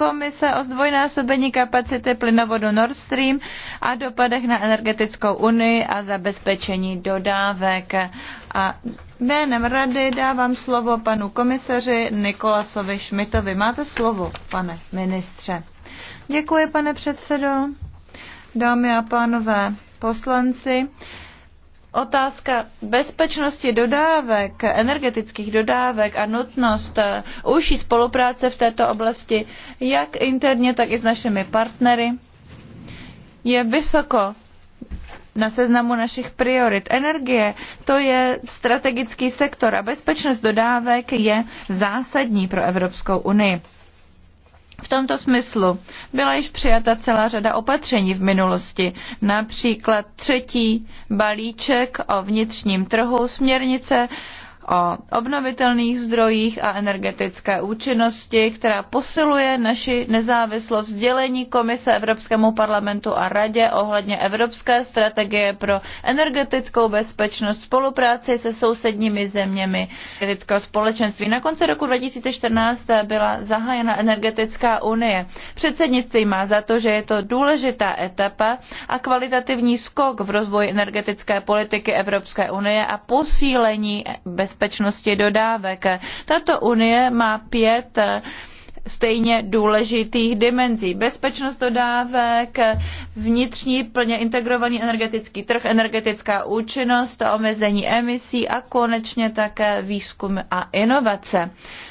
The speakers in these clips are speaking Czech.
komise o zdvojnásobení kapacity plynovodu Nord Stream a dopadech na energetickou unii a zabezpečení dodávek. A jménem rady dávám slovo panu komisaři Nikolasovi Šmitovi. Máte slovo, pane ministře. Děkuji, pane předsedo. Dámy a pánové poslanci, otázka bezpečnosti dodávek, energetických dodávek a nutnost eh, užší spolupráce v této oblasti, jak interně, tak i s našimi partnery, je vysoko na seznamu našich priorit. Energie to je strategický sektor a bezpečnost dodávek je zásadní pro Evropskou unii. V tomto smyslu byla již přijata celá řada opatření v minulosti, například třetí balíček o vnitřním trhu, směrnice o obnovitelných zdrojích a energetické účinnosti, která posiluje naši nezávislost dělení Komise Evropskému parlamentu a Radě ohledně Evropské strategie pro energetickou bezpečnost, spolupráci se sousedními zeměmi energetického společenství. Na konci roku 2014 byla zahájena energetická unie. Předsednictví má za to, že je to důležitá etapa a kvalitativní skok v rozvoji energetické politiky Evropské unie a posílení bezpečnosti bezpečnosti dodávek. Tato unie má pět eh, stejně důležitých dimenzí. Bezpečnost dodávek, vnitřní plně integrovaný energetický trh, energetická účinnost, omezení emisí a konečně také výzkum a inovace.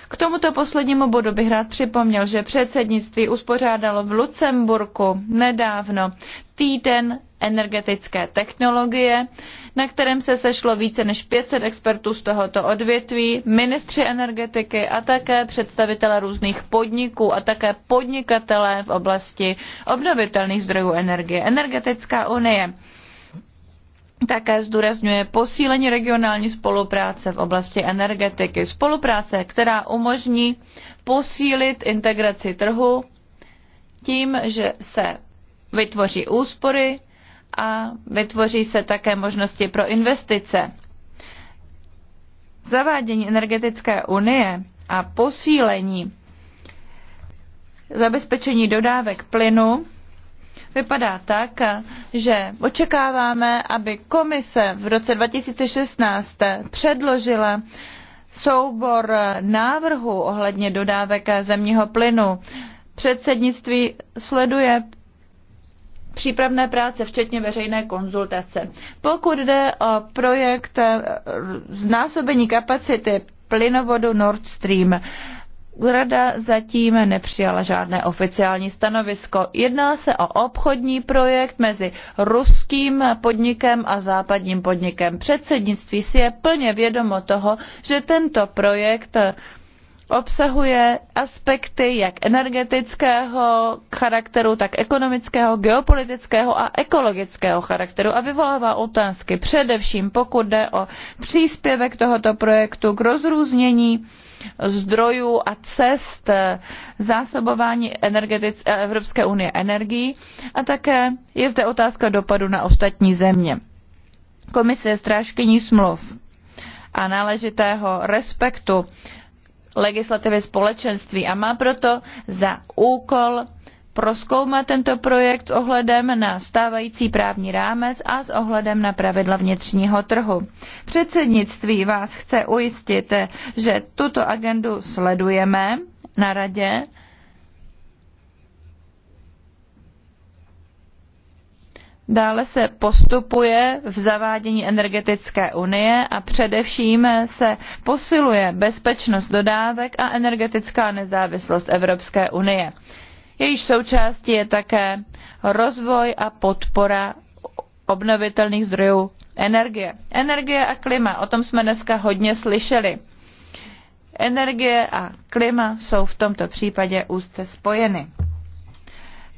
K tomuto poslednímu bodu bych rád připomněl, že předsednictví uspořádalo v Lucemburku nedávno týden energetické technologie, na kterém se sešlo více než 500 expertů z tohoto odvětví, ministři energetiky a také představitele různých podniků a také podnikatelé v oblasti obnovitelných zdrojů energie. Energetická unie také zdůrazňuje posílení regionální spolupráce v oblasti energetiky. Spolupráce, která umožní posílit integraci trhu tím, že se vytvoří úspory a vytvoří se také možnosti pro investice. Zavádění energetické unie a posílení zabezpečení dodávek plynu vypadá tak, že očekáváme, aby komise v roce 2016 předložila soubor návrhu ohledně dodávek zemního plynu. Předsednictví sleduje přípravné práce, včetně veřejné konzultace. Pokud jde o projekt eh, znásobení kapacity plynovodu Nord Stream, Rada zatím nepřijala žádné oficiální stanovisko. Jedná se o obchodní projekt mezi ruským podnikem a západním podnikem. Předsednictví si je plně vědomo toho, že tento projekt obsahuje aspekty jak energetického charakteru, tak ekonomického, geopolitického a ekologického charakteru a vyvolává otázky především pokud jde o příspěvek tohoto projektu k rozrůznění zdrojů a cest zásobování eh, Evropské unie energií a také je zde otázka dopadu na ostatní země. Komise je strážkyní smluv a náležitého respektu legislativy společenství a má proto za úkol prozkoumat tento projekt s ohledem na stávající právní rámec a s ohledem na pravidla vnitřního trhu. Předsednictví vás chce ujistit, že tuto agendu sledujeme na radě Dále se postupuje v zavádění energetické unie a především se posiluje bezpečnost dodávek a energetická nezávislost Evropské unie. Jejíž součástí je také rozvoj a podpora obnovitelných zdrojů energie. Energie a klima, o tom jsme dneska hodně slyšeli. Energie a klima jsou v tomto případě úzce spojeny.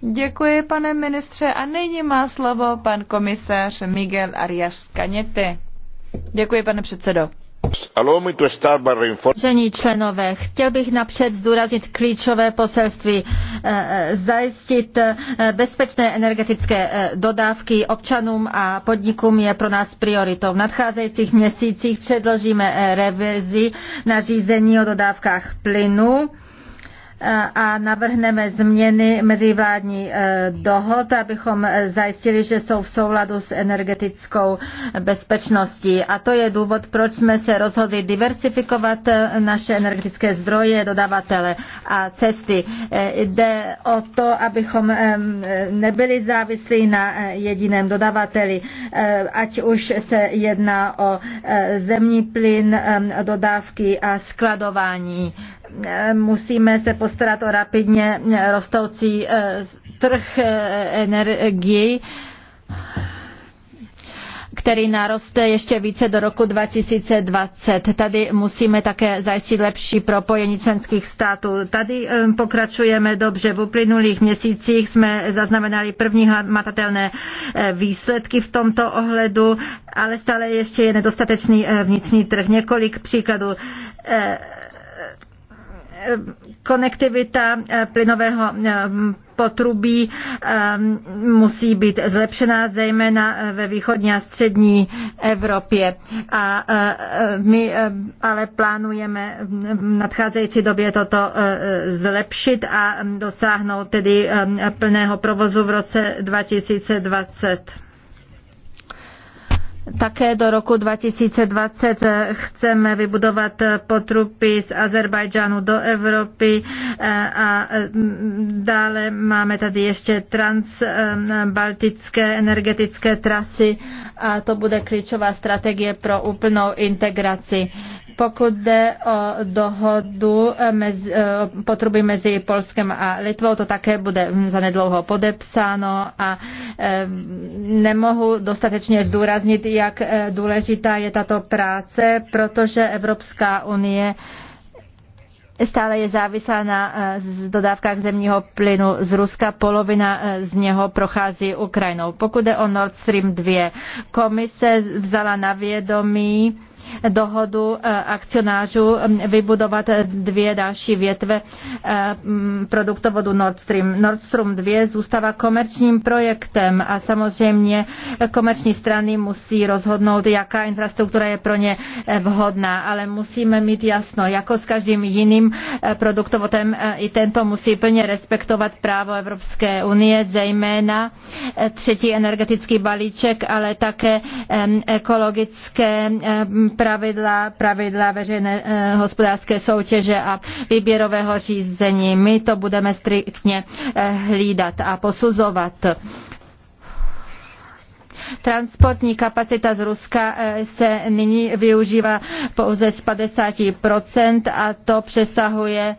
Děkuji, pane ministře. A nyní má slovo pan komisař Miguel Arias Caněty. Děkuji, pane předsedo. Žení členové, chtěl bych napřed zdůraznit klíčové poselství. Eh, eh, zajistit eh, bezpečné energetické dodávky občanům a podnikům je pro nás prioritou. V nadcházejících měsících předložíme revizi řízení o dodávkách plynu a navrhneme změny mezivládní eh, dohod, abychom zajistili, že jsou v souladu s energetickou bezpečností. A to je důvod, proč jsme se rozhodli diversifikovat eh, naše energetické zdroje, dodavatele a cesty. Eh, jde o to, abychom nebyli závislí na jediném dodavateli, ať už se jedná o zemní plyn, dodávky a skladování musíme se postarat o rapidně rostoucí eh, trh eh, energii který naroste ještě více do roku 2020. Tady musíme také zajistit lepší propojení členských států. Tady eh, pokračujeme dobře. V uplynulých měsících jsme zaznamenali první matatelné výsledky v tomto ohledu, ale stále ještě je nedostatečný vnitřní trh. Několik příkladů Eh, konektivita eh, plynového eh, potrubí musí být zlepšená, zejména ve východní a střední Evropě. A my ale plánujeme v nadcházející době toto zlepšit a dosáhnout tedy plného provozu v roce 2020. Také do roku 2020 chceme vybudovat potrubí z Azerbajdžánu do Evropy eh, a mm, dále máme tady ještě transbaltické energetické trasy a to bude klíčová strategie pro úplnou integraci. Pokud jde o dohodu eh, mezi, eh, potruby mezi Polskem a Litvou, to také bude zanedlouho podepsáno a eh, nemohu dostatečně zdůraznit, jak důležitá je tato práce, protože Evropská unie stále je závislá na dodávkách zemního plynu z Ruska. Polovina z něho prochází Ukrajinou. Pokud je o Nord Stream 2, komise vzala na vědomí dohodu eh, akcionářů mm, vybudovat eh, dvě další větve eh, mm, produktovodu Nord Stream. Nord Stream 2 zůstává komerčním projektem a samozřejmě komerční strany musí rozhodnout, jaká infrastruktura je pro ně vhodná, ale musíme mít jasno, jako s každým jiným produktovodem i tento musí plně respektovat právo Evropské unie, zejména třetí energetický balíček, ale také ekologické pravidla, pravidla veřejné eh, hospodářské soutěže a výběrového řízení. My to budeme striktně eh, hlídat a posuzovat. Transportní kapacita z Ruska eh, se nyní využívá pouze z 50% a to přesahuje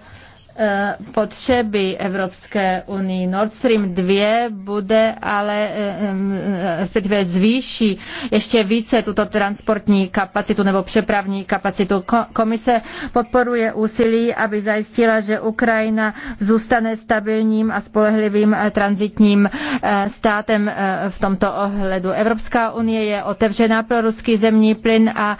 Eh, potřeby Evropské unii. Nord Stream 2 bude ale, eh, eh, respektive zvýší ještě více tuto transportní kapacitu nebo přepravní kapacitu. Komise podporuje úsilí, aby zajistila, že Ukrajina zůstane stabilním a spolehlivým transitním státem v tomto ohledu. Evropská unie je otevřená pro ruský zemní plyn a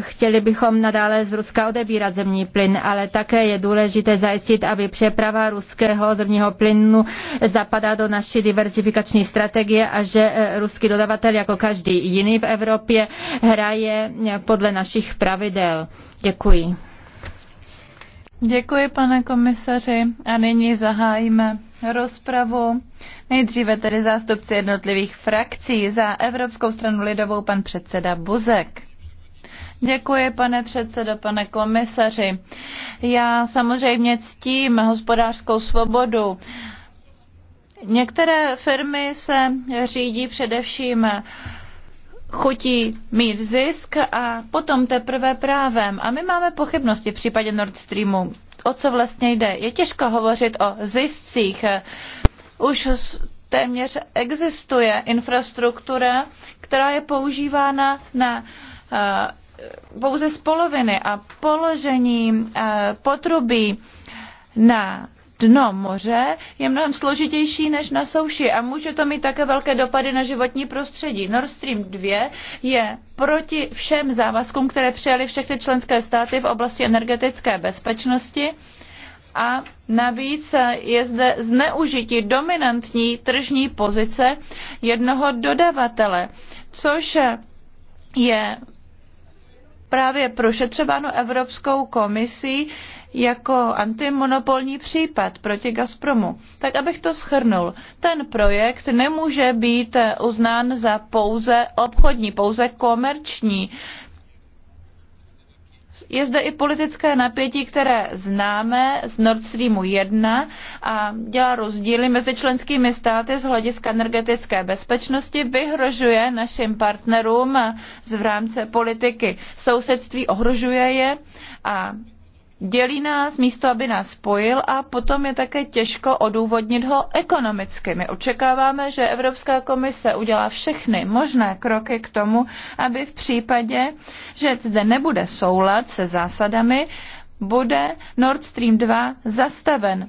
chtěli bychom nadále z Ruska odebírat zemní plyn, ale také je důležité zajistit, aby přeprava ruského zemního plynu zapadá do naší diversifikační strategie a že eh, ruský dodavatel jako každý jiný v Evropě hraje eh, podle našich pravidel. Děkuji. Děkuji, pane komisaři. A nyní zahájíme rozpravu. Nejdříve tedy zástupci jednotlivých frakcí. Za Evropskou stranu lidovou pan předseda Buzek. Děkuji, pane předsedo, pane komisaři. Já samozřejmě ctím hospodářskou svobodu. Některé firmy se řídí především chutí mít zisk a potom teprve právem. A my máme pochybnosti v případě Nord Streamu. O co vlastně jde? Je těžko hovořit o ziscích. Už téměř existuje infrastruktura, která je používána na eh, pouze z poloviny a položení eh, potrubí na dno moře je mnohem složitější než na souši a může to mít také velké dopady na životní prostředí. Nord Stream 2 je proti všem závazkům, které přijaly všechny členské státy v oblasti energetické bezpečnosti a navíc je zde zneužití dominantní tržní pozice jednoho dodavatele, což je právě prošetřováno Evropskou komisí jako antimonopolní případ proti Gazpromu. Tak abych to schrnul, ten projekt nemůže být uznán za pouze obchodní, pouze komerční je zde i politické napětí, které známe z Nord Streamu 1 a dělá rozdíly mezi členskými státy z hlediska energetické bezpečnosti, vyhrožuje našim partnerům v rámci politiky sousedství, ohrožuje je a dělí nás místo, aby nás spojil a potom je také těžko odůvodnit ho ekonomicky. My očekáváme, že Evropská komise udělá všechny možné kroky k tomu, aby v případě, že zde nebude soulad se zásadami, bude Nord Stream 2 zastaven.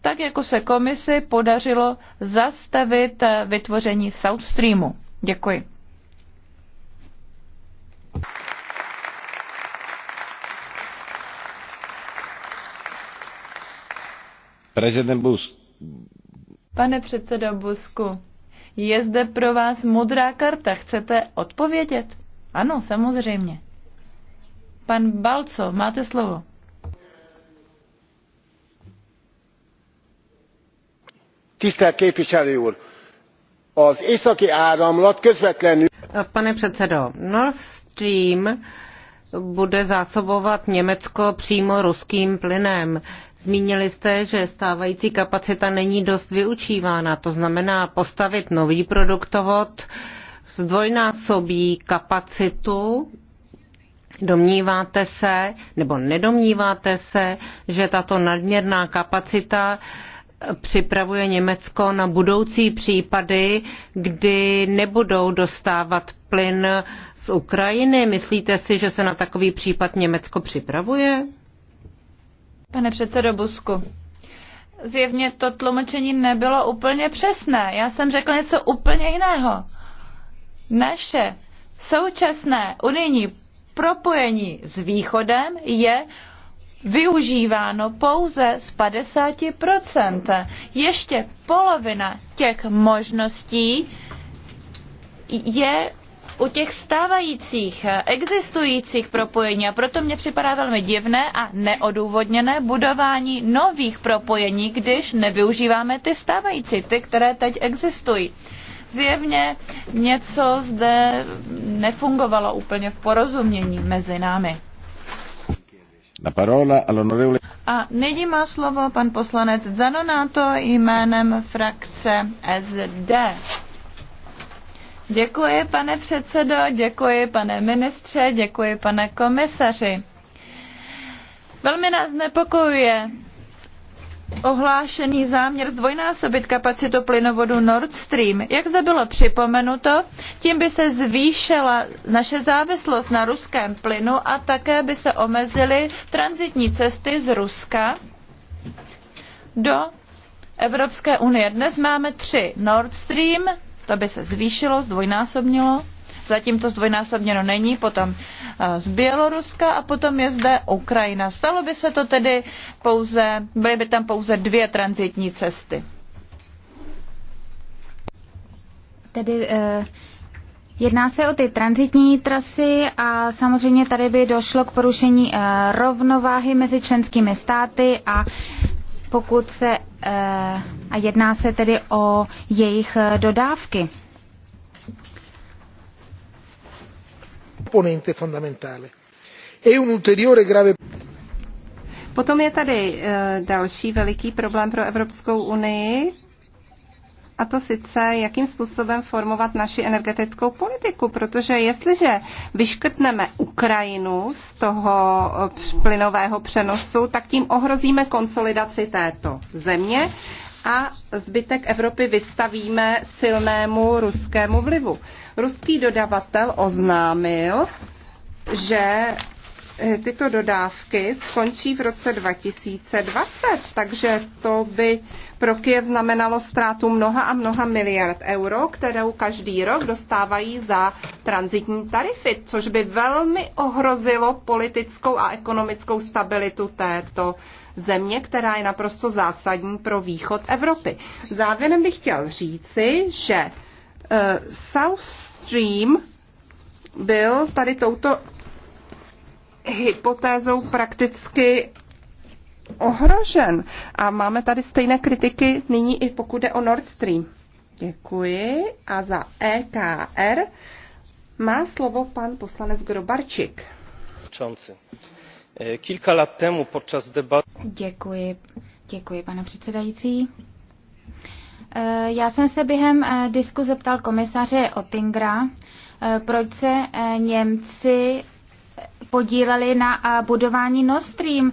Tak jako se komisi podařilo zastavit eh, vytvoření South Streamu. Děkuji. Prezident Bus. Pane předsedo Busku, je zde pro vás modrá karta. Chcete odpovědět? Ano, samozřejmě. Pan Balco, máte slovo. Tisztelt képviselő úr! Az északi áramlat közvetlenül... Eh, pane předsedo, Nord Stream bude zásobovat Německo přímo ruským plynem. Zmínili jste, že stávající kapacita není dost vyučívána, to znamená postavit nový produktovod, zdvojnásobí kapacitu. Domníváte se, nebo nedomníváte se, že tato nadměrná kapacita připravuje Německo na budoucí případy, kdy nebudou dostávat plyn z Ukrajiny. Myslíte si, že se na takový případ Německo připravuje? Pane předsedo Busku, zjevně to tlumočení nebylo úplně přesné. Já jsem řekl něco úplně jiného. Naše současné unijní propojení s východem je využíváno pouze z 50%. Ještě polovina těch možností je u těch stávajících, eh, existujících propojení a proto mně připadá velmi divné a neodůvodněné budování nových propojení, když nevyužíváme ty stávající, ty, které teď existují. Zjevně něco zde nefungovalo úplně v porozumění mezi námi. parola A nyní má slovo pan poslanec Zanonato jménem frakce SD. Děkuji, pane předsedo, děkuji, pane ministře, děkuji, pane komisaři. Velmi nás nepokojuje ohlášený záměr zdvojnásobit kapacitu plynovodu Nord Stream. Jak zde bylo připomenuto, tím by se zvýšila naše závislost na ruském plynu a také by se omezily transitní cesty z Ruska do Evropské unie. Dnes máme tři Nord Stream, to by se zvýšilo, zdvojnásobnilo. Zatím to zdvojnásobněno není, potom eh, z Běloruska a potom je zde Ukrajina. Stalo by se to tedy pouze, byly by tam pouze dvě transitní cesty. Tedy eh, jedná se o ty transitní trasy a samozřejmě tady by došlo k porušení eh, rovnováhy mezi členskými státy a eh, pokud se eh, a jedná se tedy o jejich eh, dodávky. E Potom je tady eh, další veliký problém pro Evropskou unii a to sice, jakým způsobem formovat naši energetickou politiku, protože jestliže vyškrtneme Ukrajinu z toho eh, plynového přenosu, tak tím ohrozíme konsolidaci této země a zbytek Evropy vystavíme silnému ruskému vlivu. Ruský dodavatel oznámil, že eh, tyto dodávky skončí v roce 2020, takže to by pro Kiev znamenalo ztrátu mnoha a mnoha miliard euro, kterou každý rok dostávají za transitní tarify, což by velmi ohrozilo politickou a ekonomickou stabilitu této země, která je naprosto zásadní pro východ Evropy. Závěrem bych chtěl říci, že eh, South Stream byl tady touto hypotézou prakticky ohrožen. A máme tady stejné kritiky nyní i pokud jde o Nord Stream. Děkuji. A za EKR má slovo pan poslanec Grobarčik. Eh, kilka let temu podczas debat... Děkuji. Děkuji, pane předsedající. Eh, já jsem se během eh, diskuze ptal komisaře Otingra, proč se Němci podíleli na budování Nord Stream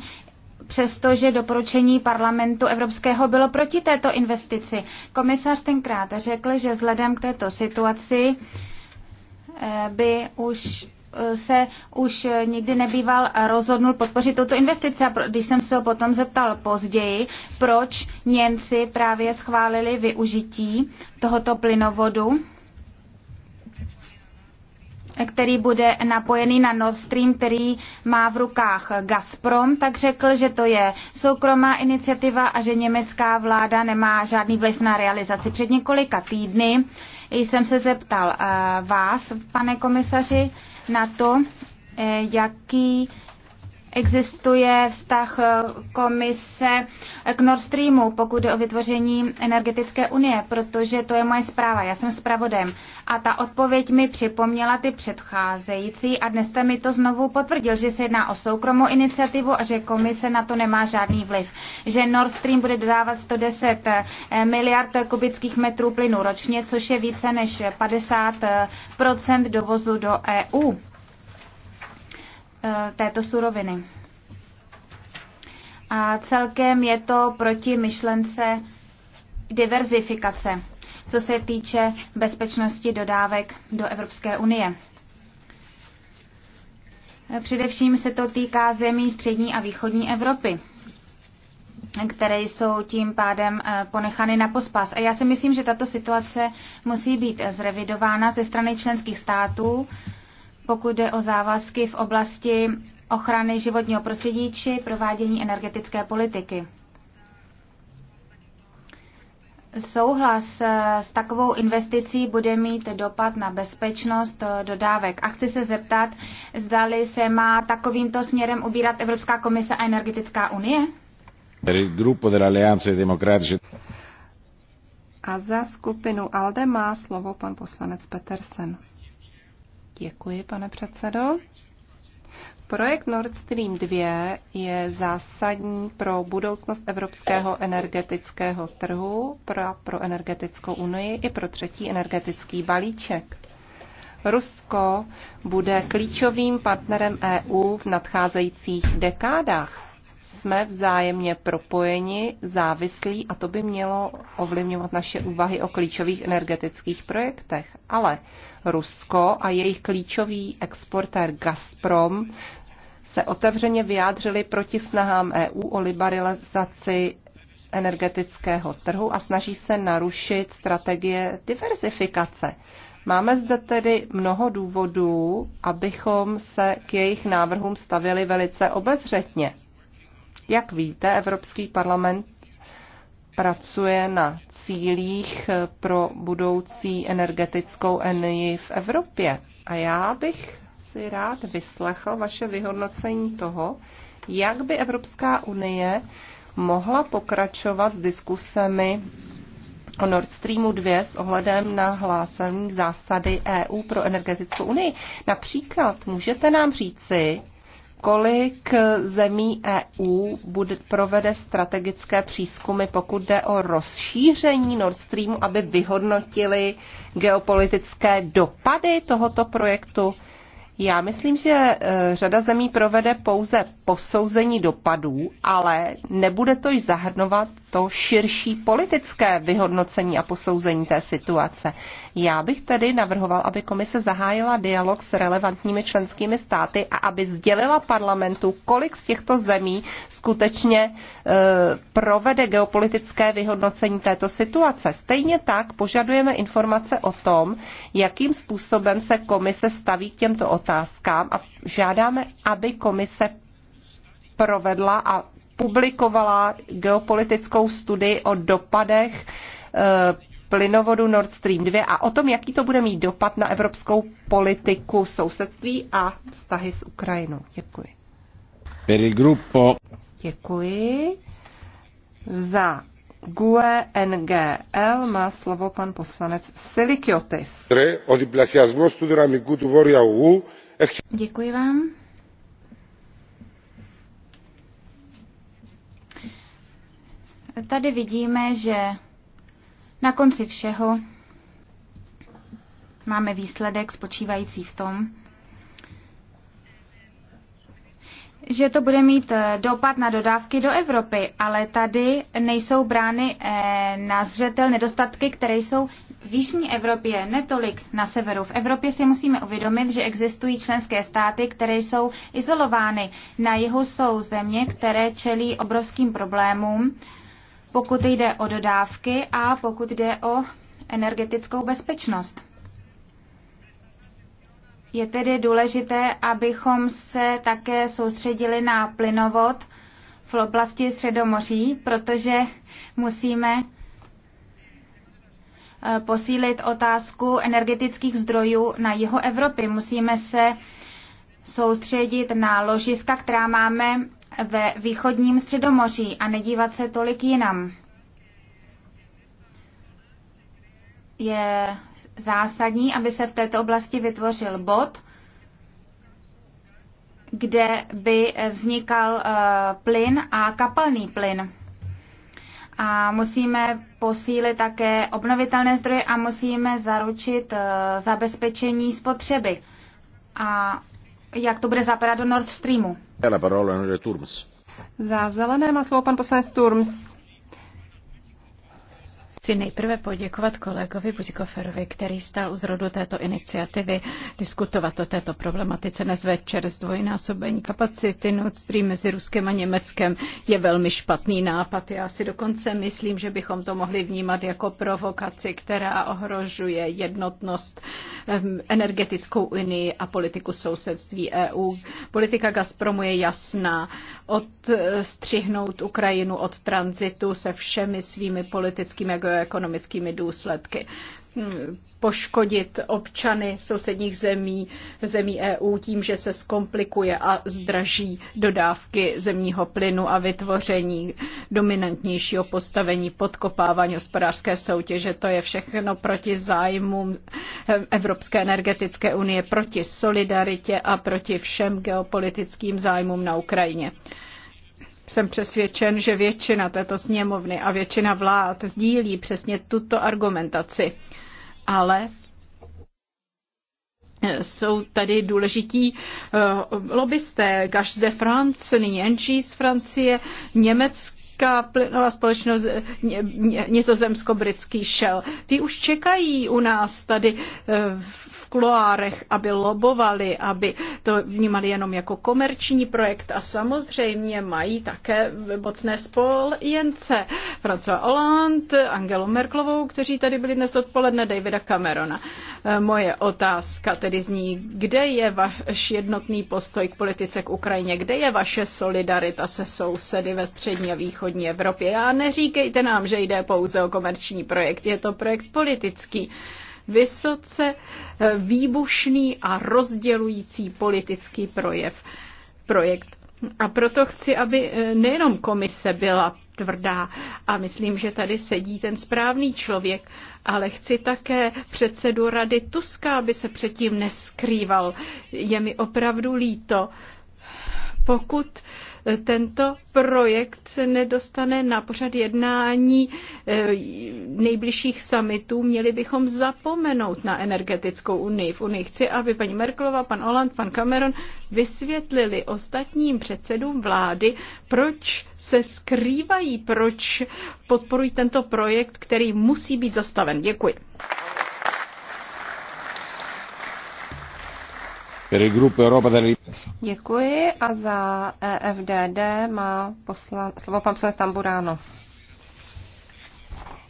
přestože doporučení parlamentu evropského bylo proti této investici. Komisař tenkrát řekl, že vzhledem k této situaci eh, by už eh, se už nikdy nebýval rozhodnul podpořit tuto investici. A když jsem se ho potom zeptal později, proč Němci právě schválili využití tohoto plynovodu, který bude napojený na Nord Stream, který má v rukách Gazprom, tak řekl, že to je soukromá iniciativa a že německá vláda nemá žádný vliv na realizaci. Před několika týdny jsem se zeptal eh, vás, pane komisaři, na to, eh, jaký existuje vztah eh, komise eh, k Nord Streamu, pokud jde o vytvoření energetické unie, protože to je moje zpráva, já jsem zpravodem. A ta odpověď mi připomněla ty předcházející a dnes jste mi to znovu potvrdil, že se jedná o soukromou iniciativu a že komise na to nemá žádný vliv. Že Nord Stream bude dodávat 110 eh, miliard kubických metrů plynu ročně, což je více než 50 dovozu do EU. Eh, této suroviny. A celkem je to proti myšlence diverzifikace, co se týče bezpečnosti dodávek do Evropské unie. Především se to týká zemí střední a východní Evropy, které jsou tím pádem eh, ponechány na pospas. A já si myslím, že tato situace musí být zrevidována ze strany členských států, pokud jde o závazky v oblasti ochrany životního prostředí či provádění energetické politiky. Souhlas eh, s takovou investicí bude mít dopad na bezpečnost eh, dodávek. A chci se zeptat, zdali se má takovýmto směrem ubírat Evropská komise a Energetická unie? A za skupinu ALDE má slovo pan poslanec Petersen. Děkuji, pane předsedo. Projekt Nord Stream 2 je zásadní pro budoucnost evropského energetického trhu, pro, pro energetickou unii i pro třetí energetický balíček. Rusko bude klíčovým partnerem EU v nadcházejících dekádách jsme vzájemně propojeni, závislí a to by mělo ovlivňovat naše úvahy o klíčových energetických projektech. Ale Rusko a jejich klíčový exportér Gazprom se otevřeně vyjádřili proti snahám EU o liberalizaci energetického trhu a snaží se narušit strategie diversifikace. Máme zde tedy mnoho důvodů, abychom se k jejich návrhům stavili velice obezřetně. Jak víte, Evropský parlament pracuje na cílích pro budoucí energetickou unii v Evropě. A já bych si rád vyslechl vaše vyhodnocení toho, jak by Evropská unie mohla pokračovat s diskusemi o Nord Streamu 2 s ohledem na hlásení zásady EU pro energetickou unii. Například můžete nám říci, kolik zemí EU bude, provede strategické přízkumy, pokud jde o rozšíření Nord Streamu, aby vyhodnotili geopolitické dopady tohoto projektu? Já myslím, že e, řada zemí provede pouze posouzení dopadů, ale nebude to již zahrnovat to širší politické vyhodnocení a posouzení té situace. Já bych tedy navrhoval, aby komise zahájila dialog s relevantními členskými státy a aby sdělila parlamentu, kolik z těchto zemí skutečně e, provede geopolitické vyhodnocení této situace. Stejně tak požadujeme informace o tom, jakým způsobem se komise staví k těmto otázkám a žádáme, aby komise provedla a publikovala geopolitickou studii o dopadech eh, plynovodu Nord Stream 2 a o tom, jaký to bude mít dopad na evropskou politiku sousedství a vztahy s Ukrajinou. Děkuji. Per il gruppo. Děkuji. Za GUE NGL má slovo pan poslanec Silikiotis. Děkuji vám. tady vidíme, že na konci všeho máme výsledek spočívající v tom, že to bude mít eh, dopad na dodávky do Evropy, ale tady nejsou brány eh, na zřetel nedostatky, které jsou v Jižní Evropě, netolik na severu. V Evropě si musíme uvědomit, že existují členské státy, které jsou izolovány. Na jihu jsou země, které čelí obrovským problémům pokud jde o dodávky a pokud jde o energetickou bezpečnost. Je tedy důležité, abychom se také soustředili na plynovod v oblasti Středomoří, protože musíme eh, posílit otázku energetických zdrojů na jihu Evropy. Musíme se soustředit na ložiska, která máme ve východním středomoří a nedívat se tolik jinam. Je zásadní, aby se v této oblasti vytvořil bod, kde by vznikal eh, plyn a kapalný plyn. A musíme posílit také obnovitelné zdroje a musíme zaručit eh, zabezpečení spotřeby. A jak to bude zapadat do Nord Streamu? Za zelené má slovo pan poslanec Turms. Chci nejprve poděkovat kolegovi Buzikoferovi, který stál u zrodu této iniciativy diskutovat o této problematice dnes večer. Zdvojnásobení kapacity Nord Stream mezi Ruskem a Německem je velmi špatný nápad. Já si dokonce myslím, že bychom to mohli vnímat jako provokaci, která ohrožuje jednotnost eh, energetickou unii a politiku sousedství EU. Politika Gazpromu je jasná. Odstřihnout Ukrajinu od tranzitu se všemi svými politickými jako ekonomickými důsledky hmm, poškodit občany sousedních zemí, zemí EU tím, že se zkomplikuje a zdraží dodávky zemního plynu a vytvoření dominantnějšího postavení, podkopávání hospodářské soutěže. To je všechno proti zájmům Evropské energetické unie, proti solidaritě a proti všem geopolitickým zájmům na Ukrajině jsem přesvědčen, že většina této sněmovny a většina vlád sdílí přesně tuto argumentaci. Ale eh, jsou tady důležití eh, lobbysté, Gage de France, nyní NG z Francie, německá plynová společnost eh, nizozemsko-britský Shell. Ty už čekají u nás tady v v kuloárech, aby lobovali, aby to vnímali jenom jako komerční projekt a samozřejmě mají také mocné spolujence. François Hollande, Angelu Merklovou, kteří tady byli dnes odpoledne, Davida Camerona. E, moje otázka tedy zní, kde je váš jednotný postoj k politice k Ukrajině, kde je vaše solidarita se sousedy ve střední a východní Evropě? A neříkejte nám, že jde pouze o komerční projekt, je to projekt politický vysoce eh, výbušný a rozdělující politický projev, projekt. A proto chci, aby eh, nejenom komise byla tvrdá a myslím, že tady sedí ten správný člověk, ale chci také předsedu rady Tuska, aby se předtím neskrýval. Je mi opravdu líto, pokud uh, tento projekt se nedostane na pořad jednání eh, nejbližších summitů, měli bychom zapomenout na energetickou unii. V unii chci, aby paní Merklova, pan Oland, pan Cameron vysvětlili ostatním předsedům vlády, proč se skrývají, proč podporují tento projekt, který musí být zastaven. Děkuji. Děkuji a za EFDD má poslan... slovo pan poslanec Tamburáno.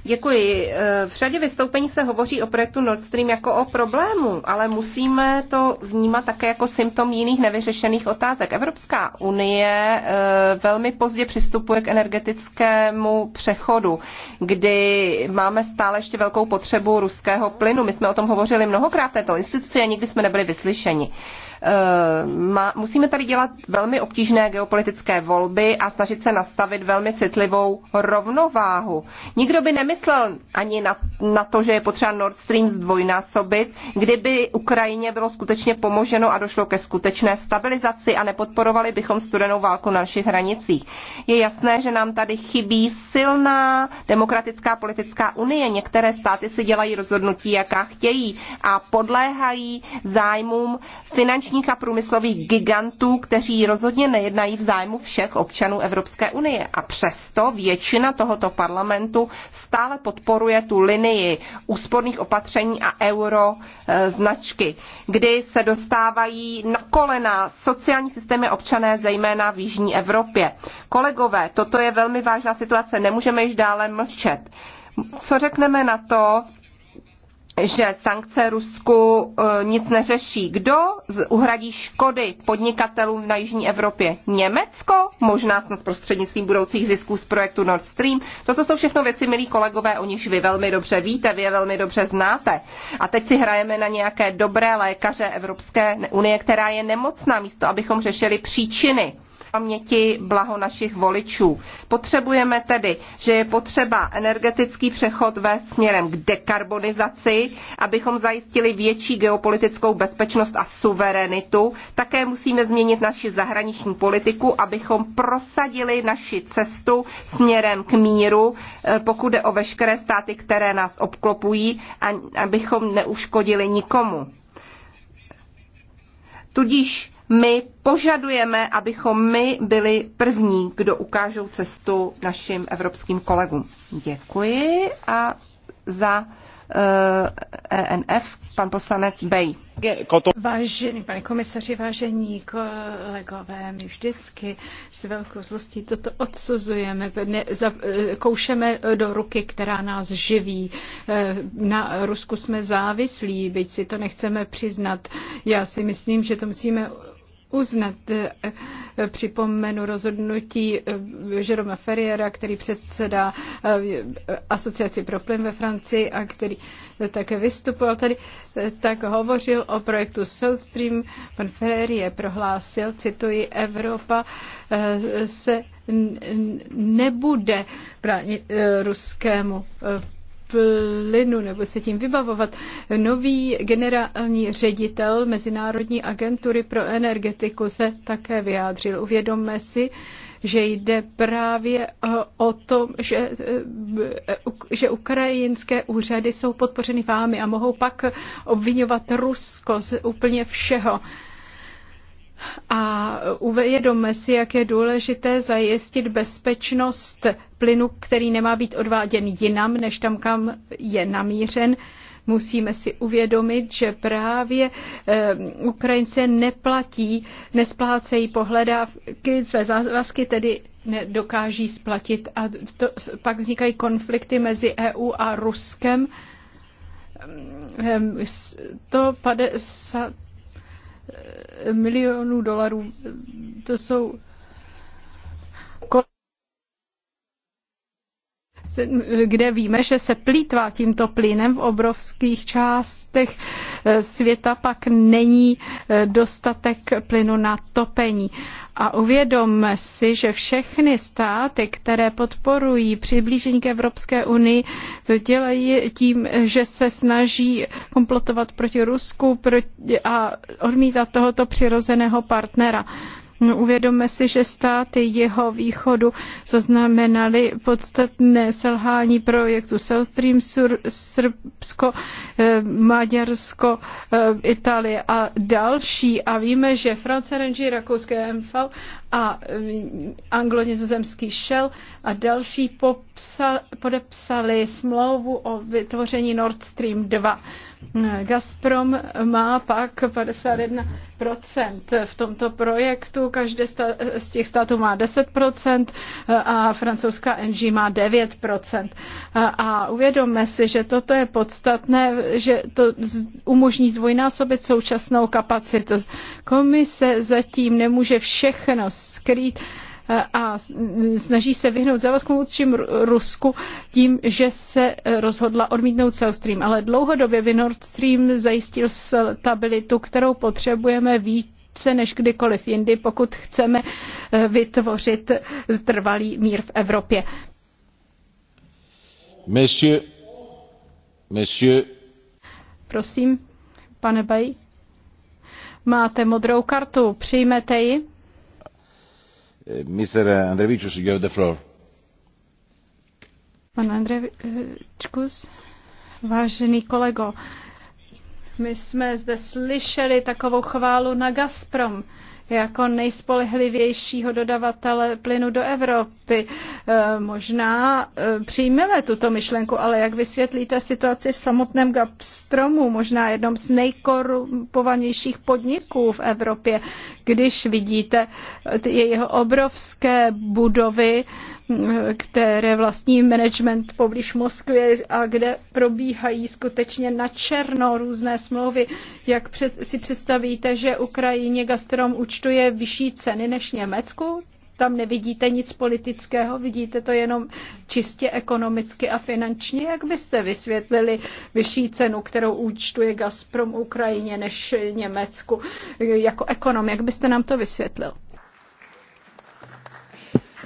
Děkuji. Eh, v řadě vystoupení se hovoří o projektu Nord Stream jako o problému, ale musíme to vnímat také jako symptom jiných nevyřešených otázek. Evropská unie eh, velmi pozdě přistupuje k energetickému přechodu, kdy máme stále ještě velkou potřebu ruského plynu. My jsme o tom hovořili mnohokrát této instituci a nikdy jsme nebyli vyslyšeni. Eh, musíme tady dělat velmi obtížné geopolitické volby a snažit se nastavit velmi citlivou rovnováhu. Nikdo by nemyslel ani na, na to, že je potřeba Nord Stream zdvojnásobit, kdyby Ukrajině bylo skutečně pomoženo a došlo ke skutečné stabilizaci a nepodporovali bychom studenou válku na našich hranicích. Je jasné, že nám tady chybí silná demokratická politická unie. Některé státy si dělají rozhodnutí, jaká chtějí a podléhají zájmům finančních finančních a průmyslových gigantů, kteří rozhodně nejednají v zájmu všech občanů Evropské unie. A přesto většina tohoto parlamentu stále podporuje tu linii úsporných opatření a euro e, značky, kdy se dostávají na kolena sociální systémy občané, zejména v Jižní Evropě. Kolegové, toto je velmi vážná situace, nemůžeme již dále mlčet co řekneme na to, že sankce Rusku e, nic neřeší. Kdo uhradí škody podnikatelům na Jižní Evropě? Německo? Možná snad prostřednictvím budoucích zisků z projektu Nord Stream? Toto jsou všechno věci, milí kolegové, o nichž vy velmi dobře víte, vy je velmi dobře znáte. A teď si hrajeme na nějaké dobré lékaře Evropské unie, která je nemocná, místo abychom řešili příčiny paměti blaho našich voličů. Potřebujeme tedy, že je potřeba energetický přechod vést směrem k dekarbonizaci, abychom zajistili větší geopolitickou bezpečnost a suverenitu. Také musíme změnit naši zahraniční politiku, abychom prosadili naši cestu směrem k míru, eh, pokud jde o veškeré státy, které nás obklopují, a abychom neuškodili nikomu. Tudíž my požadujeme, abychom my byli první, kdo ukážou cestu našim evropským kolegům. Děkuji a za uh, eh, ENF pan poslanec Bej. Vážený pane komisaři, vážení kolegové, my vždycky s velkou zlostí toto odsuzujeme, ne, za, eh, koušeme do ruky, která nás živí. Eh, na Rusku jsme závislí, byť si to nechceme přiznat. Já si myslím, že to musíme uznat. Eh, eh, připomenu rozhodnutí eh, Jeroma Ferriera, který předsedá asociaci pro plyn ve Francii a který také vystupoval tady, tak hovořil o projektu South Stream. Pan Ferrier prohlásil, cituji, Evropa se nebude bránit ruskému plynu nebo se tím vybavovat. Nový generální ředitel Mezinárodní agentury pro energetiku se také vyjádřil. Uvědomme si, že jde právě eh, o to, že, eh, že ukrajinské úřady jsou podpořeny vámi a mohou pak obvinovat Rusko z úplně všeho a uvědomme si, jak je důležité zajistit bezpečnost plynu, který nemá být odváděn jinam, než tam, kam je namířen. Musíme si uvědomit, že právě e, Ukrajince neplatí, nesplácejí pohledávky, své závazky, tedy nedokáží splatit. A to, pak vznikají konflikty mezi EU a Ruskem. E, ehm, 150 milionů dolarů. To jsou kde víme, že se plítvá tímto plynem v obrovských částech eh, světa, pak není eh, dostatek plynu na topení. A uvědomme si, že všechny státy, které podporují přiblížení k Evropské unii, to dělají tím, že se snaží komplotovat proti Rusku a odmítat tohoto přirozeného partnera. No, uvědomme si, že státy jeho východu zaznamenaly podstatné selhání projektu South Stream, Sur, Srbsko, eh, Maďarsko, eh, Itálie a další. A víme, že France Rangy, rakouské MV a eh, anglo-nizozemský Shell a další popsa, podepsali smlouvu o vytvoření Nord Stream 2. Gazprom má pak 51% v tomto projektu, každé z těch států má 10% a francouzská NG má 9%. A uvědomme si, že toto je podstatné, že to umožní zdvojnásobit současnou kapacitu. Komise zatím nemůže všechno skrýt, a snaží se vyhnout závazkům vůčím Rusku tím, že se rozhodla odmítnout South Stream. Ale dlouhodobě by Nord Stream zajistil stabilitu, kterou potřebujeme víc více než kdykoliv jindy, pokud chceme eh, vytvořit trvalý mír v Evropě. Monsieur, monsieur. Prosím, pane Baj, máte modrou kartu, přijmete ji? Pane eh, Andrevičus, vážený kolego, my jsme zde slyšeli takovou chválu na Gazprom jako nejspolehlivějšího dodavatele plynu do Evropy. E, možná e, přijmeme tuto myšlenku, ale jak vysvětlíte situaci v samotném Gazpromu, možná jednom z nejkorupovanějších podniků v Evropě, když vidíte jeho obrovské budovy, které vlastní management poblíž Moskvy a kde probíhají skutečně na černo různé smlouvy. Jak před, si představíte, že Ukrajině Gazprom uč účtuje vyšší ceny než Německu? Tam nevidíte nic politického, vidíte to jenom čistě ekonomicky a finančně. Jak byste vysvětlili vyšší cenu, kterou účtuje Gazprom Ukrajině než Německu? Jako ekonom, jak byste nám to vysvětlil?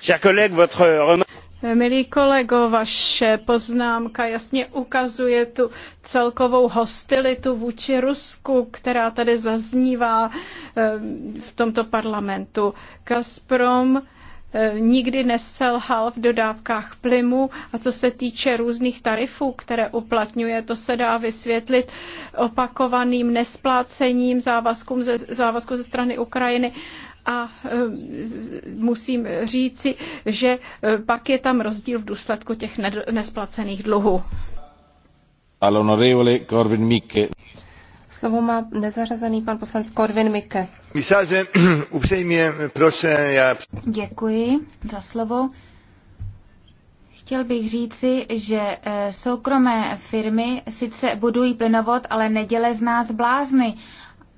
Chers collègues, votre Milí kolego, vaše poznámka jasně ukazuje tu celkovou hostilitu vůči Rusku, která tady zaznívá ehm, v tomto parlamentu. Gazprom ehm, nikdy neselhal v dodávkách plynu a co se týče různých tarifů, které uplatňuje, to se dá vysvětlit opakovaným nesplácením závazků ze, závazku ze strany Ukrajiny a e, musím říci, že e, pak je tam rozdíl v důsledku těch nesplacených dluhů. Corvin Mikke. Slovo má nezařazený pan poslanec Korvin Mikke. Komisáře, upřejmě, prosím, já... Děkuji za slovo. Chtěl bych říci, že e, soukromé firmy sice budují plynovod, ale neděle z nás blázny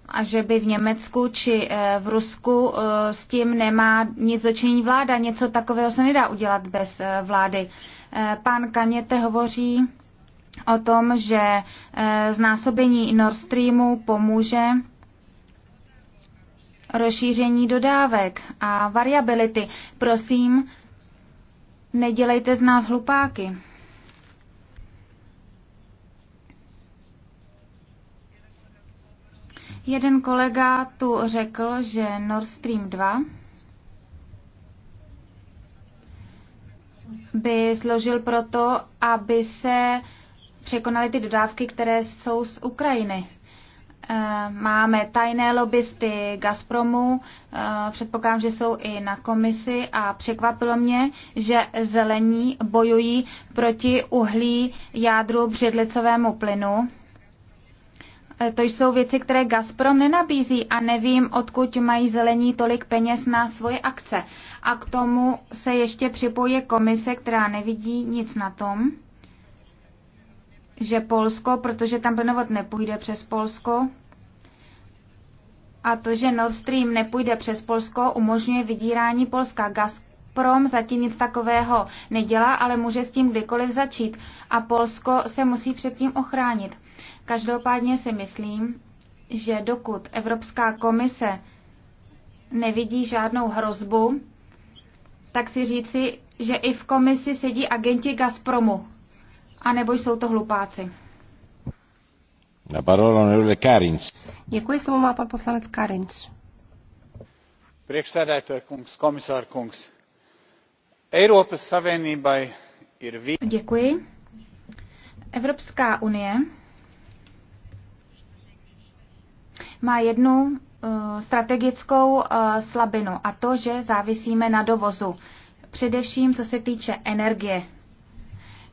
a že by v Německu či eh, v Rusku eh, s tím nemá nic dočinění vláda. Něco takového se nedá udělat bez eh, vlády. Pán Kaněte hovoří o tom, že znásobení Nord Streamu pomůže rozšíření dodávek a variability. Prosím, nedělejte z nás hlupáky. Jeden kolega tu řekl, že Nord Stream 2 by složil proto, aby se překonaly ty dodávky, které jsou z Ukrajiny. Eh, máme tajné lobbysty Gazpromu, eh, předpokládám, že jsou i na komisi a překvapilo mě, že zelení bojují proti uhlí jádru břidlicovému plynu E, to jsou věci, které Gazprom nenabízí a nevím, odkud mají zelení tolik peněz na svoje akce. A k tomu se ještě připoje komise, která nevidí nic na tom, že Polsko, protože tam plynovod nepůjde přes Polsko, a to, že Nord Stream nepůjde přes Polsko, umožňuje vydírání Polska. Gazprom zatím nic takového nedělá, ale může s tím kdykoliv začít. A Polsko se musí předtím ochránit. Každopádně si myslím, že dokud Evropská komise nevidí žádnou hrozbu, tak si říci, že i v komisi sedí agenti Gazpromu, anebo jsou to hlupáci. Na parola onorevole Karins. Děkuji, slovo má pan poslanec Karins. Děkuji. Evropská unie má jednu eh, strategickou eh, slabinu a to, že závisíme na dovozu, především co se týče energie.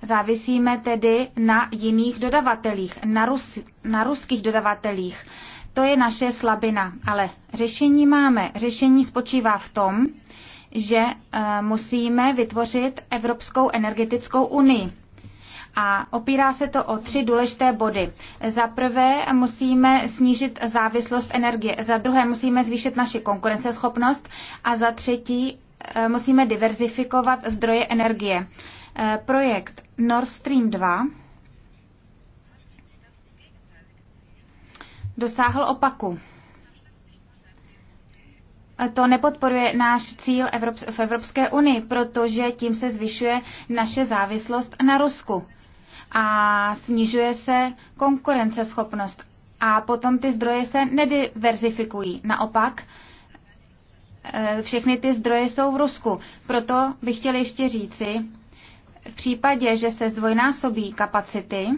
Závisíme tedy na jiných dodavatelích, na, Rus, na ruských dodavatelích. To je naše slabina, ale řešení máme. Řešení spočívá v tom, že eh, musíme vytvořit Evropskou energetickou unii. A opírá se to o tři důležité body. Za prvé musíme snížit závislost energie, za druhé musíme zvýšit naši konkurenceschopnost a za třetí eh, musíme diverzifikovat zdroje energie. Eh, projekt Nord Stream 2 dosáhl opaku. Eh, to nepodporuje náš cíl v Evropské unii, protože tím se zvyšuje naše závislost na Rusku a snižuje se konkurenceschopnost a potom ty zdroje se nediverzifikují. Naopak, eh, všechny ty zdroje jsou v Rusku. Proto bych chtěl ještě říci, v případě, že se zdvojnásobí kapacity,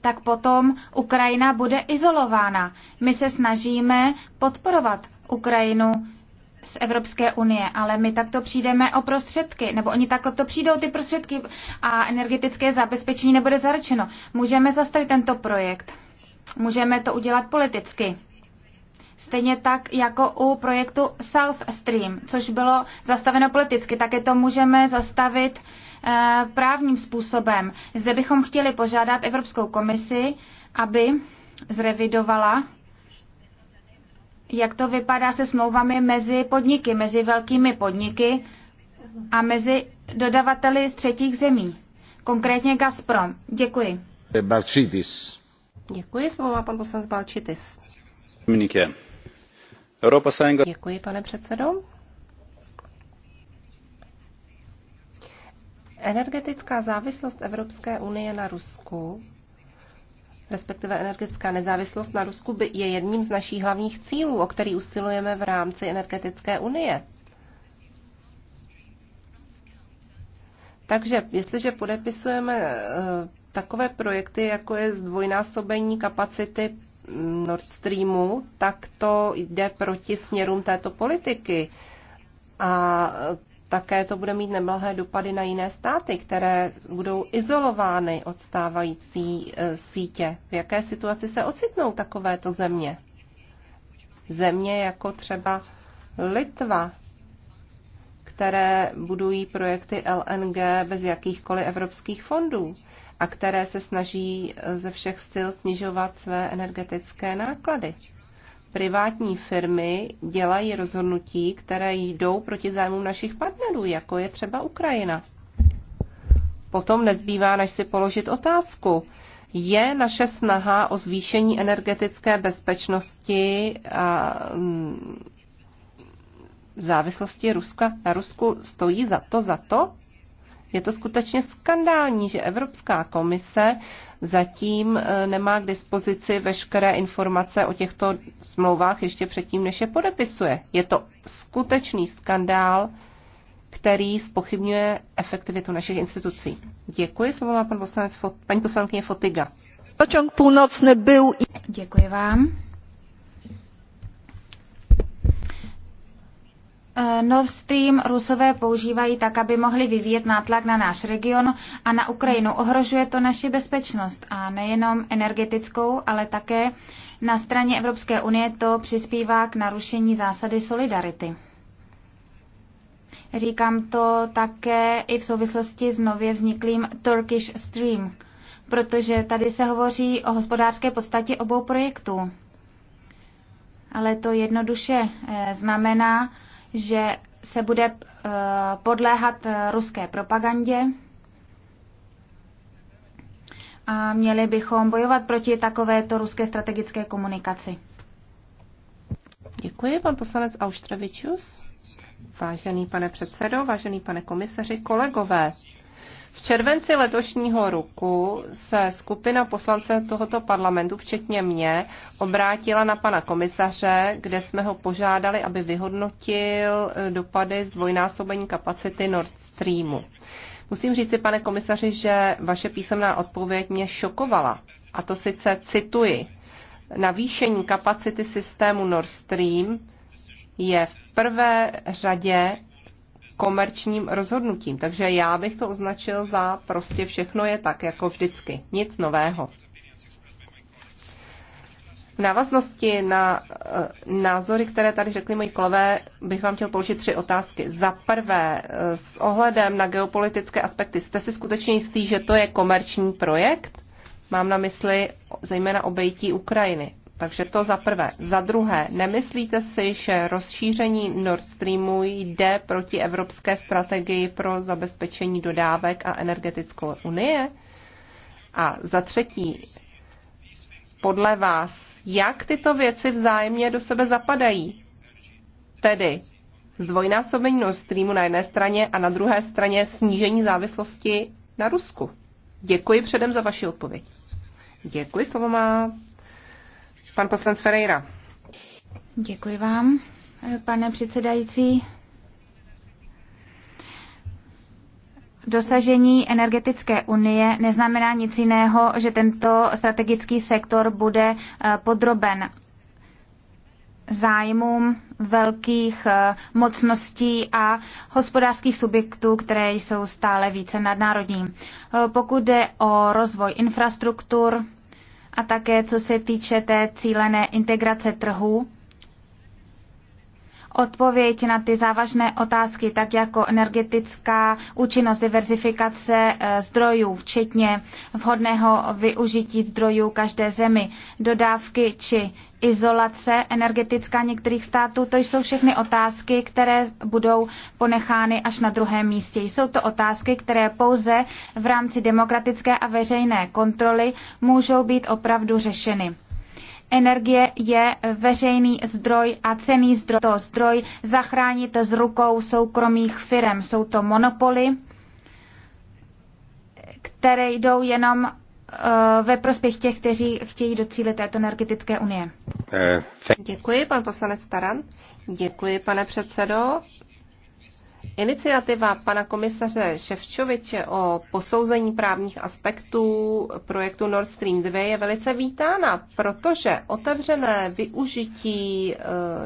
tak potom Ukrajina bude izolována. My se snažíme podporovat Ukrajinu z Evropské unie, ale my takto přijdeme o prostředky, nebo oni takto přijdou ty prostředky a energetické zabezpečení nebude zaručeno. Můžeme zastavit tento projekt. Můžeme to udělat politicky. Stejně tak jako u projektu South Stream, což bylo zastaveno politicky, také to můžeme zastavit e, právním způsobem. Zde bychom chtěli požádat Evropskou komisi, aby zrevidovala jak to vypadá se smlouvami mezi podniky, mezi velkými podniky a mezi dodavateli z třetích zemí, konkrétně Gazprom. Děkuji. Balčitis. Děkuji, slovo má pan poslanec Balčitis. Děkuji, pane předsedo. Energetická závislost Evropské unie na Rusku respektive energetická nezávislost na Rusku, je jedním z našich hlavních cílů, o který usilujeme v rámci energetické unie. Takže jestliže podepisujeme eh, takové projekty, jako je zdvojnásobení kapacity mm, Nord Streamu, tak to jde proti směrům této politiky. A eh, také to bude mít neblahé dopady na jiné státy, které budou izolovány od stávající e, sítě. V jaké situaci se ocitnou takovéto země? Země jako třeba Litva, které budují projekty LNG bez jakýchkoliv evropských fondů a které se snaží e, ze všech sil snižovat své energetické náklady privátní firmy dělají rozhodnutí, které jdou proti zájmům našich partnerů, jako je třeba Ukrajina. Potom nezbývá, než si položit otázku. Je naše snaha o zvýšení energetické bezpečnosti a mm, závislosti Ruska na Rusku stojí za to, za to? Je to skutečně skandální, že Evropská komise zatím eh, nemá k dispozici veškeré informace o těchto smlouvách ještě předtím, než je podepisuje. Je to skutečný skandál, který spochybňuje efektivitu našich institucí. Děkuji, slovo má pan poslanec, paní poslankyně Fotiga. Pociąg północny był... Děkuji vám. Eh, Nord Stream Rusové používají tak, aby mohli vyvíjet nátlak na náš region a na Ukrajinu. Ohrožuje to naši bezpečnost a nejenom energetickou, ale také na straně Evropské unie to přispívá k narušení zásady solidarity. Říkám to také i v souvislosti s nově vzniklým Turkish Stream, protože tady se hovoří o hospodářské podstatě obou projektů. Ale to jednoduše eh, znamená, že se bude eh, podléhat eh, ruské propagandě. A měli bychom bojovat proti takovéto ruské strategické komunikaci. Děkuji, pan poslanec Auštrevičus. Vážený pane předsedo, vážený pane komisaři, kolegové, v červenci letošního roku se skupina poslance tohoto parlamentu, včetně mě, obrátila na pana komisaře, kde jsme ho požádali, aby vyhodnotil eh, dopady zdvojnásobení kapacity Nord Streamu. Musím říct si, pane komisaři, že vaše písemná odpověď mě šokovala. A to sice cituji. Navýšení kapacity systému Nord Stream je v prvé řadě komerčním rozhodnutím. Takže já bych to označil za prostě všechno je tak, jako vždycky. Nic nového. V návaznosti na eh, názory, které tady řekli moji kolové, bych vám chtěl položit tři otázky. Za prvé, eh, s ohledem na geopolitické aspekty, jste si skutečně jistý, že to je komerční projekt? Mám na mysli zejména obejití Ukrajiny. Takže to za prvé. Za druhé, nemyslíte si, že rozšíření Nord Streamu jde proti evropské strategii pro zabezpečení dodávek a energetickou unie? A za třetí, podle vás, jak tyto věci vzájemně do sebe zapadají? Tedy zdvojnásobení Nord Streamu na jedné straně a na druhé straně snížení závislosti na Rusku. Děkuji předem za vaši odpověď. Děkuji, slovo má Pan poslanec Ferreira. Děkuji vám, pane předsedající. Dosažení energetické unie neznamená nic jiného, že tento strategický sektor bude eh, podroben zájmům velkých eh, mocností a hospodářských subjektů, které jsou stále více nadnárodní. Eh, pokud jde o rozvoj infrastruktur, a také co se týče té cílené integrace trhu odpověď na ty závažné otázky, tak jako energetická účinnost, diverzifikace e, zdrojů, včetně vhodného využití zdrojů každé zemi, dodávky či izolace energetická některých států, to jsou všechny otázky, které budou ponechány až na druhém místě. Jsou to otázky, které pouze v rámci demokratické a veřejné kontroly můžou být opravdu řešeny. Energie je veřejný zdroj a cený zdroj. To zdroj zachránit z rukou soukromých firm. Jsou to monopoly, které jdou jenom eh, ve prospěch těch, kteří chtějí docílit této energetické unie. Eh, Děkuji, pan poslanec Taran. Děkuji, pane předsedo. Iniciativa pana komisaře Ševčoviče o posouzení právních aspektů projektu Nord Stream 2 je velice vítána, protože otevřené využití e,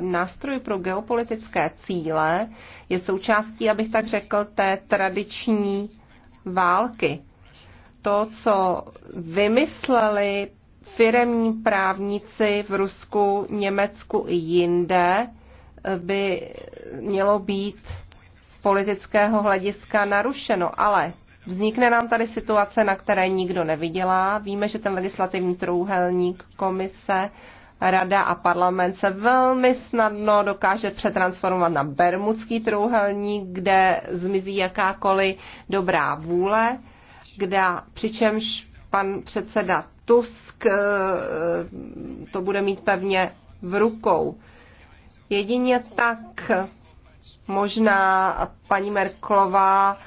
nástrojů pro geopolitické cíle je součástí, abych tak řekl, té tradiční války. To, co vymysleli firemní právníci v Rusku, Německu i jinde, e, by mělo být politického hlediska narušeno, ale vznikne nám tady situace, na které nikdo nevydělá. Víme, že ten legislativní trouhelník komise Rada a parlament se velmi snadno dokáže přetransformovat na bermudský trouhelník, kde zmizí jakákoliv dobrá vůle, kde přičemž pan předseda Tusk eh, to bude mít pevně v rukou. Jedině tak možná paní Merklová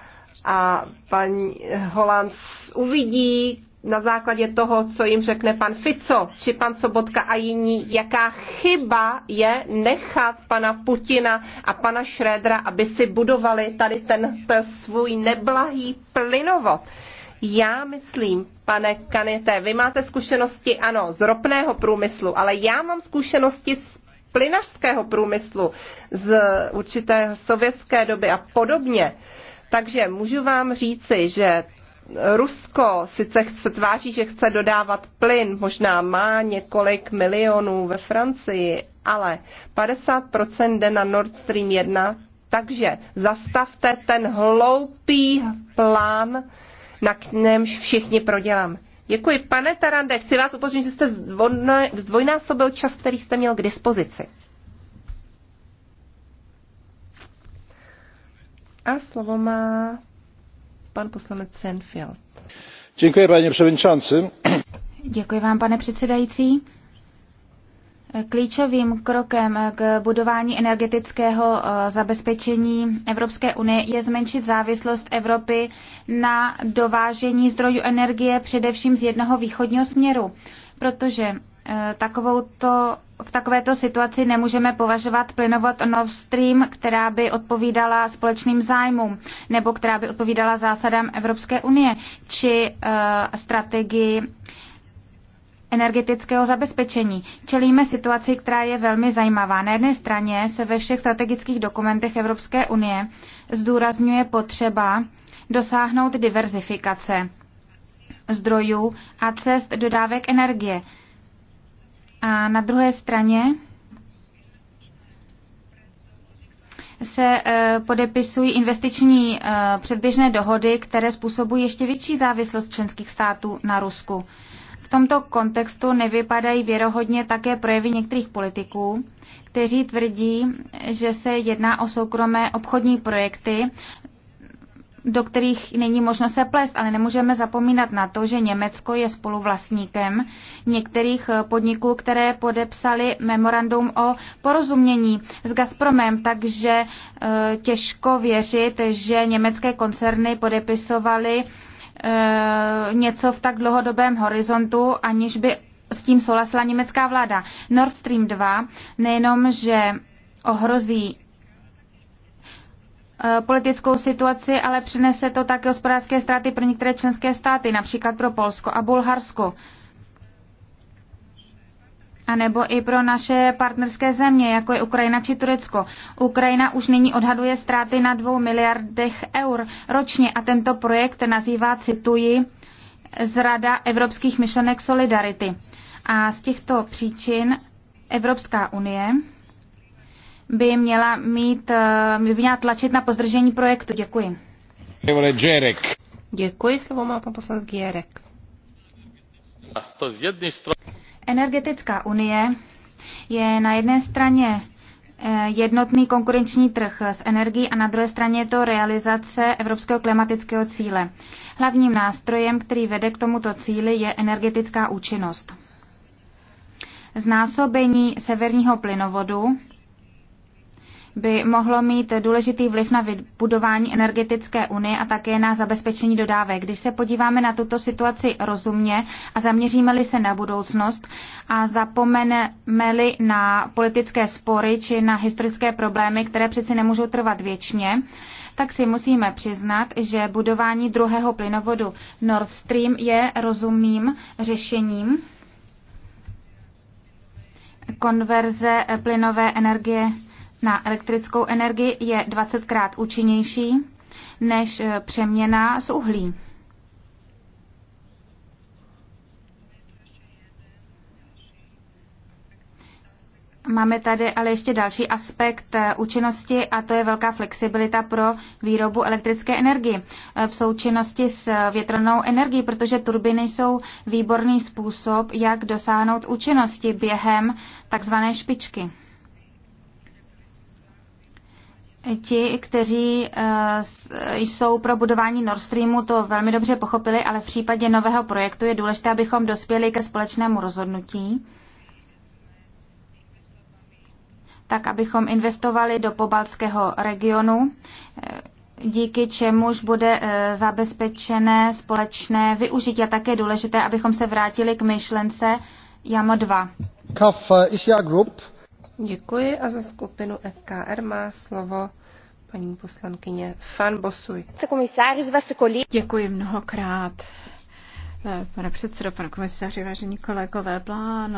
a paní Holand uvidí na základě toho, co jim řekne pan Fico či pan Sobotka a jiní, jaká chyba je nechat pana Putina a pana Šrédra, aby si budovali tady ten svůj neblahý plynovod. Já myslím, pane Kanete, vy máte zkušenosti, ano, z ropného průmyslu, ale já mám zkušenosti z plynařského průmyslu z určité sovětské doby a podobně. Takže můžu vám říci, že Rusko sice chce, tváří, že chce dodávat plyn, možná má několik milionů ve Francii, ale 50% jde na Nord Stream 1, takže zastavte ten hloupý plán, na němž všichni proděláme. Děkuji. Pane Tarande, chci vás upozornit, že jste zdvojnásobil čas, který jste měl k dispozici. A slovo má pan poslanec Senfield. Děkuji, pane předsedající. Děkuji vám, pane předsedající. Klíčovým krokem k budování energetického eh, zabezpečení Evropské unie je zmenšit závislost Evropy na dovážení zdrojů energie především z jednoho východního směru, protože eh, takovouto, v takovéto situaci nemůžeme považovat plynovod Nord Stream, která by odpovídala společným zájmům nebo která by odpovídala zásadám Evropské unie či eh, strategii energetického zabezpečení. Čelíme situaci, která je velmi zajímavá. Na jedné straně se ve všech strategických dokumentech Evropské unie zdůrazňuje potřeba dosáhnout diverzifikace zdrojů a cest dodávek energie. A na druhé straně se e, podepisují investiční e, předběžné dohody, které způsobují ještě větší závislost členských států na Rusku. V tomto kontextu nevypadají věrohodně také projevy některých politiků, kteří tvrdí, že se jedná o soukromé obchodní projekty, do kterých není možno se plést, ale nemůžeme zapomínat na to, že Německo je spoluvlastníkem některých podniků, které podepsali memorandum o porozumění s Gazpromem, takže eh, těžko věřit, že německé koncerny podepisovaly Eh, něco v tak dlouhodobém horizontu, aniž by s tím souhlasila německá vláda. Nord Stream 2 nejenom, že ohrozí eh, politickou situaci, ale přinese to také hospodářské ztráty pro některé členské státy, například pro Polsko a Bulharsko anebo i pro naše partnerské země, jako je Ukrajina či Turecko. Ukrajina už nyní odhaduje ztráty na dvou miliardech eur ročně a tento projekt nazývá, cituji, Zrada evropských myšlenek solidarity. A z těchto příčin Evropská unie by měla mít, eh, by měla tlačit na pozdržení projektu. Děkuji. Děkuji, slovo má pan poslanec Gierek. To z jedné strany Energetická unie je na jedné straně eh, jednotný konkurenční trh s energií a na druhé straně je to realizace evropského klimatického cíle. Hlavním nástrojem, který vede k tomuto cíli, je energetická účinnost. Znásobení severního plynovodu by mohlo mít důležitý vliv na vybudování energetické unie a také na zabezpečení dodávek. Když se podíváme na tuto situaci rozumně a zaměříme-li se na budoucnost a zapomeneme-li na politické spory či na historické problémy, které přeci nemůžou trvat věčně, tak si musíme přiznat, že budování druhého plynovodu Nord Stream je rozumným řešením konverze plynové energie na elektrickou energii je 20krát účinnější než eh, přeměna z uhlí. Máme tady ale ještě další aspekt eh, účinnosti a to je velká flexibilita pro výrobu elektrické energie eh, v součinnosti s větrnou energií, protože turbiny jsou výborný způsob, jak dosáhnout účinnosti během takzvané špičky. Ti, kteří eh, jsou pro budování Nord Streamu, to velmi dobře pochopili, ale v případě nového projektu je důležité, abychom dospěli ke společnému rozhodnutí, tak abychom investovali do pobaltského regionu, eh, díky čemuž bude eh, zabezpečené společné využití. A také důležité, abychom se vrátili k myšlence JAMO 2. Kaffa Group Děkuji a za skupinu FKR má slovo paní poslankyně Fan Bosuj. Děkuji mnohokrát. Eh, pane předsedo, pane komisaři, vážení kolegové, plán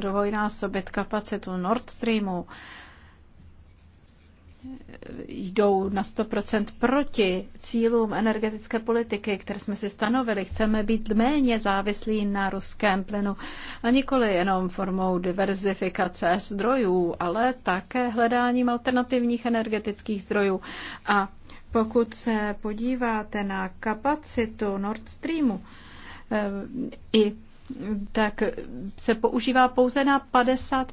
dvojnásobit kapacitu Nord Streamu jdou na 100% proti cílům energetické politiky, které jsme si stanovili. Chceme být méně závislí na ruském plynu a nikoli jenom formou diverzifikace zdrojů, ale také hledáním alternativních energetických zdrojů. A pokud se podíváte na kapacitu Nord Streamu eh, i tak se používá pouze na 50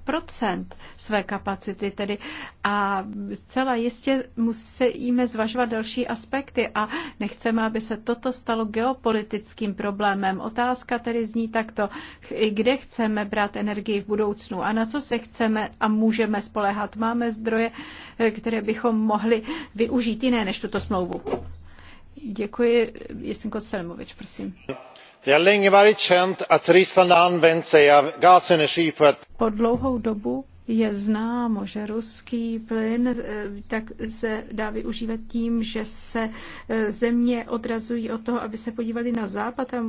své kapacity tedy. A zcela jistě musíme zvažovat další aspekty a nechceme, aby se toto stalo geopolitickým problémem. Otázka tedy zní takto, kde chceme brát energii v budoucnu a na co se chceme a můžeme spolehat. Máme zdroje, které bychom mohli využít jiné než tuto smlouvu. Děkuji. Jesenko Selmovič, prosím det har länge varit känt att ryssland använt sig av gasenergi för att. Je známo, že ruský plyn eh, tak se dá využívat tím, že se eh, země odrazují od toho, aby se podívali na západ a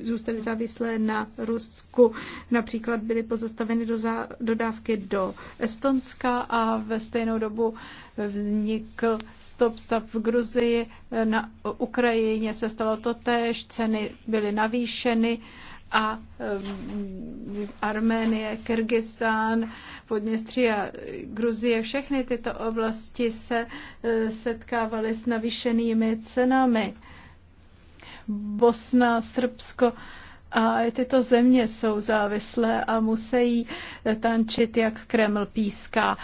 zůstali závislé na Rusku. Například byly pozastaveny do zá, dodávky do Estonska a ve stejnou dobu vznikl stop stav v Gruzii. Na Ukrajině se stalo to též, ceny byly navýšeny a eh, Arménie, Kyrgyzstán, Podněstří a Gruzie, všechny tyto oblasti se eh, setkávaly s navýšenými cenami. Bosna, Srbsko a tyto země jsou závislé a musí tančit, jak Kreml píská.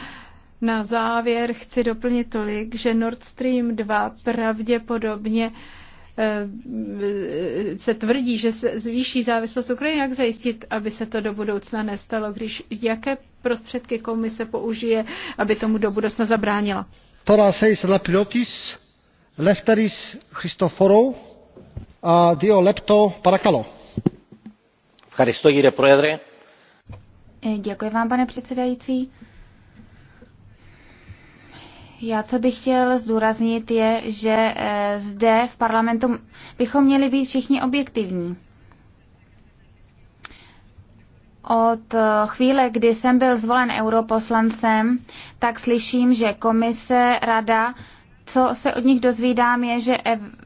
Na závěr chci doplnit tolik, že Nord Stream 2 pravděpodobně uh, Eh, se tvrdí, že se zvýší závislost Ukrajiny, jak zajistit, aby se to do budoucna nestalo, když jaké prostředky komise použije, aby tomu do budoucna zabránila? Τώρα seis Lefteris Christoforou a Dio Lepto Parakalo. Děkuji vám, pane předsedající já, co bych chtěl zdůraznit, je, že eh, zde v parlamentu bychom měli být všichni objektivní. Od eh, chvíle, kdy jsem byl zvolen europoslancem, tak slyším, že komise, rada, co se od nich dozvídám, je, že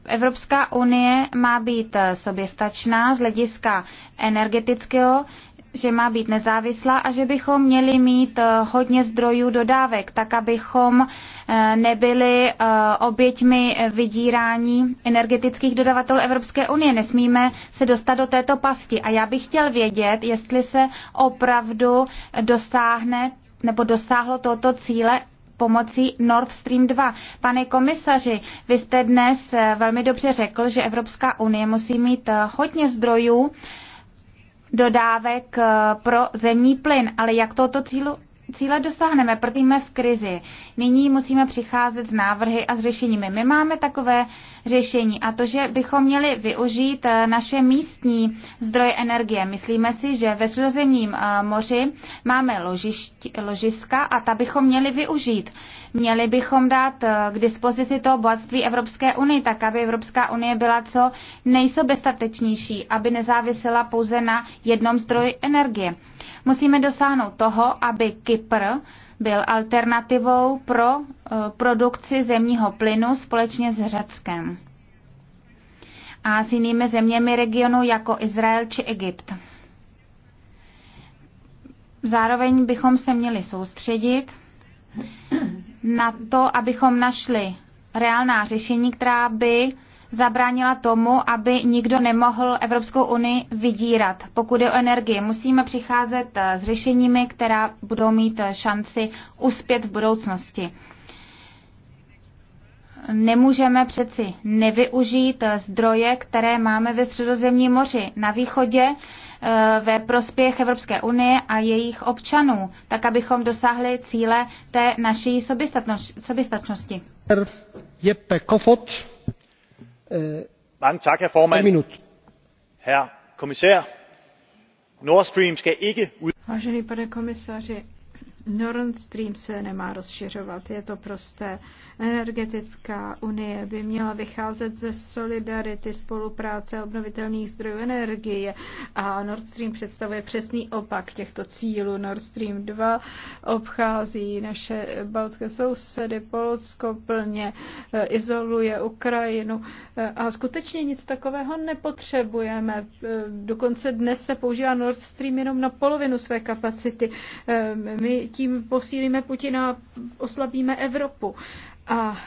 Evropská unie má být eh, soběstačná z hlediska energetického, že má být nezávislá a že bychom měli mít eh, hodně zdrojů dodávek, tak abychom eh, nebyli eh, oběťmi vydírání energetických dodavatelů Evropské unie. Nesmíme se dostat do této pasti. A já bych chtěl vědět, jestli se opravdu dosáhne nebo dosáhlo tohoto cíle pomocí Nord Stream 2. Pane komisaři, vy jste dnes velmi dobře řekl, že Evropská unie musí mít hodně zdrojů, dodávek eh, pro zemní plyn, ale jak tohoto cílu cíle dosáhneme, protože jsme v krizi. Nyní musíme přicházet s návrhy a s řešeními. My máme takové řešení a to, že bychom měli využít eh, naše místní zdroje energie. Myslíme si, že ve Středozemním eh, moři máme ložišť, ložiska a ta bychom měli využít. Měli bychom dát eh, k dispozici toho bohatství Evropské unii, tak aby Evropská unie byla co nejsoběstatečnější, aby nezávisela pouze na jednom zdroji energie. Musíme dosáhnout toho, aby Kypr byl alternativou pro eh, produkci zemního plynu společně s Řeckem a s jinými zeměmi regionu jako Izrael či Egypt. Zároveň bychom se měli soustředit na to, abychom našli reálná řešení, která by zabránila tomu, aby nikdo nemohl Evropskou unii vydírat. Pokud je o energii, musíme přicházet eh, s řešeními, která budou mít eh, šanci uspět v budoucnosti. Nemůžeme přeci nevyužít eh, zdroje, které máme ve Středozemním moři na východě ve prospěch Evropské unie a jejich občanů, tak abychom dosáhli cíle té naší soběstačnosti. Jeppe Øh, herr herr vážený pane komisaři nord stream není Nord Stream se nemá rozšiřovat, je to prosté. Energetická unie by měla vycházet ze solidarity, spolupráce obnovitelných zdrojů energie a Nord Stream představuje přesný opak těchto cílů. Nord Stream 2 obchází naše baltské sousedy, Polsko plně eh, izoluje Ukrajinu eh, a skutečně nic takového nepotřebujeme. Eh, dokonce dnes se používá Nord Stream jenom na polovinu své kapacity. My tím posílíme Putina a oslabíme Evropu. A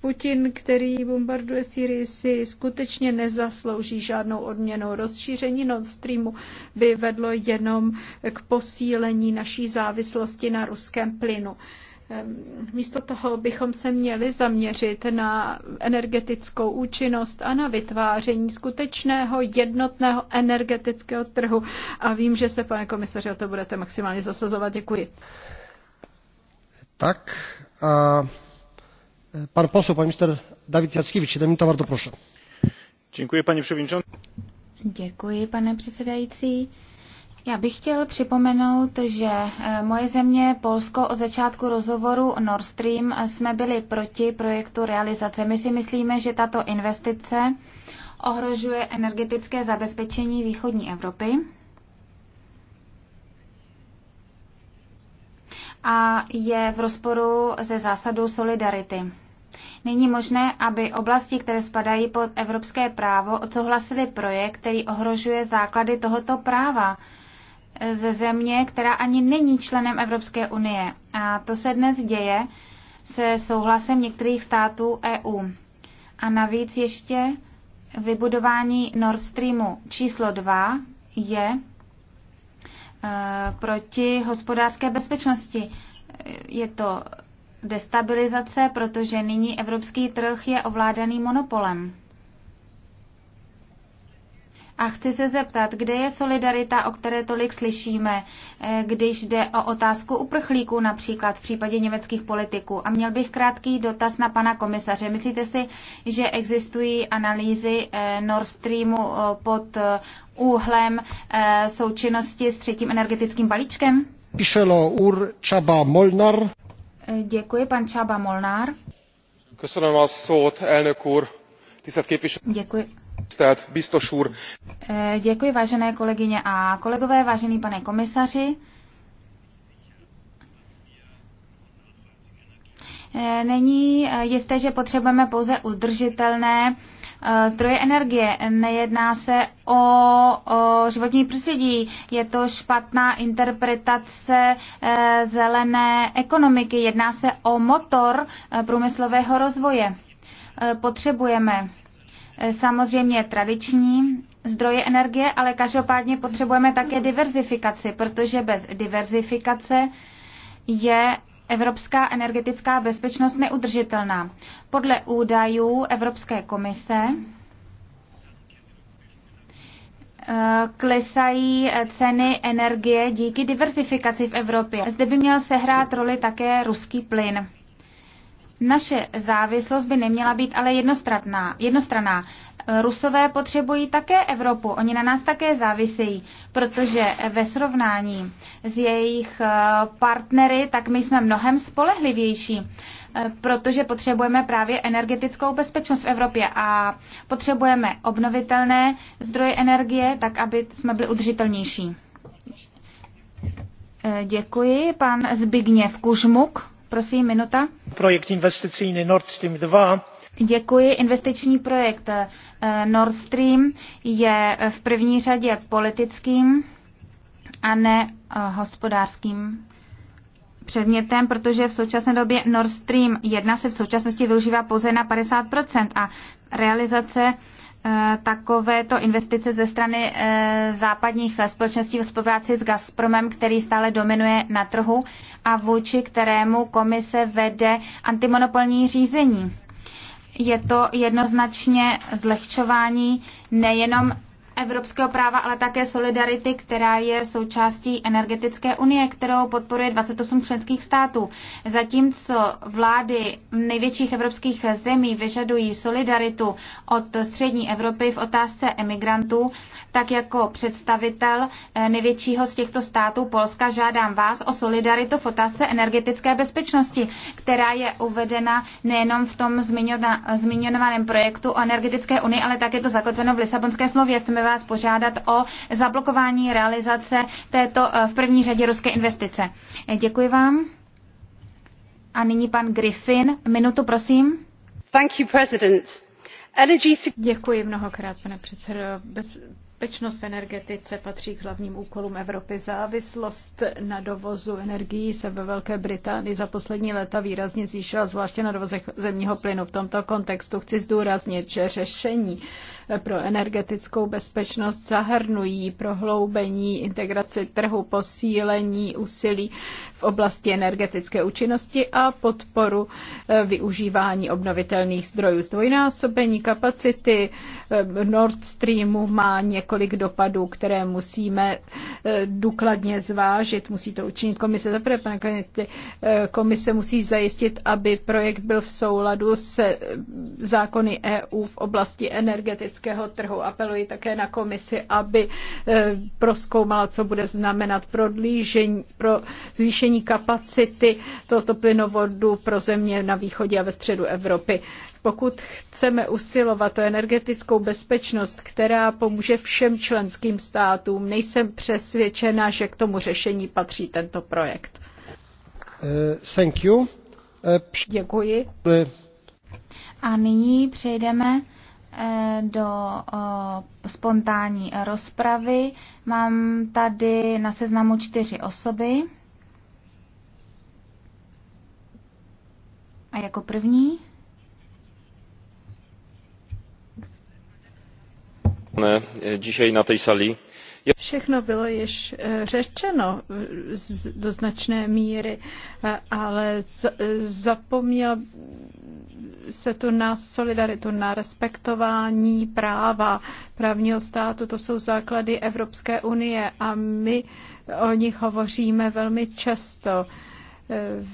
Putin, který bombarduje Syrii, si skutečně nezaslouží žádnou odměnu. Rozšíření Nord Streamu by vedlo jenom k posílení naší závislosti na ruském plynu. Ehm, místo toho bychom se měli zaměřit na energetickou účinnost a na vytváření skutečného jednotného energetického trhu. A vím, že se, pane komisaři, o to budete maximálně zasazovat. Děkuji. Tak. A e, pan posl, pan minister David Jackiewicz, mi to bardzo proszę. Děkuji, paní předsedající. Děkuji, pane předsedající. Já bych chtěl připomenout, že eh, moje země, Polsko, od začátku rozhovoru Nord Stream eh, jsme byli proti projektu realizace. My si myslíme, že tato investice ohrožuje energetické zabezpečení východní Evropy. a je v rozporu se zásadou solidarity. Není možné, aby oblasti, které spadají pod evropské právo, odsouhlasily projekt, který ohrožuje základy tohoto práva ze země, která ani není členem Evropské unie. A to se dnes děje se souhlasem některých států EU. A navíc ještě vybudování Nord Streamu číslo 2 je e, proti hospodářské bezpečnosti. Je to destabilizace, protože nyní evropský trh je ovládaný monopolem. A chci se zeptat, kde je solidarita, o které tolik slyšíme, eh, když jde o otázku uprchlíků například v případě německých politiků. A měl bych krátký dotaz na pana komisaře. Myslíte si, že existují analýzy eh, Nord Streamu eh, pod úhlem součinnosti s třetím energetickým balíčkem? Píšelo Ur Čaba Molnar. Děkuji, pan Čaba Molnár. Děkuji. Eh, děkuji, vážené kolegyně a kolegové, vážený pane komisaři. Eh, není eh, jisté, že potřebujeme pouze udržitelné zdroje energie. Nejedná se o, o životní prostředí. Je to špatná interpretace zelené ekonomiky. Jedná se o motor průmyslového rozvoje. Potřebujeme samozřejmě tradiční zdroje energie, ale každopádně potřebujeme také diverzifikaci, protože bez diverzifikace je evropská energetická bezpečnost neudržitelná. Podle údajů Evropské komise eh, klesají ceny energie díky diverzifikaci v Evropě. Zde by měl sehrát roli také ruský plyn. Naše závislost by neměla být ale jednostranná. jednostranná. Rusové potřebují také Evropu, oni na nás také závisejí, protože ve srovnání s jejich eh, partnery, tak my jsme mnohem spolehlivější, eh, protože potřebujeme právě energetickou bezpečnost v Evropě a potřebujeme obnovitelné zdroje energie, tak aby jsme byli udržitelnější. Eh, děkuji. Pan Zbigněv Kužmuk. Prosím, minuta. Projekt investiční Nord Stream 2 Děkuji. Investiční projekt eh, Nord Stream je eh, v první řadě politickým a ne eh, hospodářským předmětem, protože v současné době Nord Stream 1 se v současnosti využívá pouze na 50% a realizace Eh, takovéto investice ze strany eh, západních společností v spolupráci s Gazpromem, který stále dominuje na trhu a vůči kterému komise vede antimonopolní řízení. Je to jednoznačně zlehčování nejenom evropského práva, ale také solidarity, která je součástí energetické unie, kterou podporuje 28 členských států. Zatímco vlády největších evropských zemí vyžadují solidaritu od střední Evropy v otázce emigrantů, tak jako představitel eh, největšího z těchto států Polska žádám vás o solidaritu v otázce energetické bezpečnosti, která je uvedena nejenom v tom zmiňovaném projektu o energetické unii, ale také to zakotveno v Lisabonské smlouvě. Chceme vás požádat o zablokování realizace této eh, v první řadě ruské investice. Eh, děkuji vám. A nyní pan Griffin. Minutu, prosím. Thank you, President. Děkuji mnohokrát, pane předsedo. Bez bezpečnost v energetice patří k hlavním úkolům Evropy. Závislost na dovozu energií se ve Velké Británii za poslední léta výrazně zvýšila, zvláště na dovozech zemního plynu. V tomto kontextu chci zdůraznit, že řešení pro energetickou bezpečnost zahrnují prohloubení integrace trhu, posílení úsilí v oblasti energetické účinnosti a podporu eh, využívání obnovitelných zdrojů. Zdvojnásobení kapacity eh, Nord Streamu má několik dopadů, které musíme eh, důkladně zvážit. Musí to učinit komise. Zaprvé, pane komise musí zajistit, aby projekt byl v souladu se zákony EU v oblasti energetické evropského trhu. Apeluji také na komisi, aby eh, proskoumala, co bude znamenat prodlížení, pro zvýšení kapacity tohoto plynovodu pro země na východě a ve středu Evropy. Pokud chceme usilovat o energetickou bezpečnost, která pomůže všem členským státům, nejsem přesvědčena, že k tomu řešení patří tento projekt. Eh, thank you. Eh, Děkuji. A nyní přejdeme Eh, do spontánní rozpravy. Mám tady na seznamu čtyři osoby. A jako první? Eh, dzisiaj na tej sali Všechno bylo již eh, řečeno eh, do značné míry, eh, ale zapomněl se tu na solidaritu, na respektování práva právního státu. To jsou základy Evropské unie a my o nich hovoříme velmi často.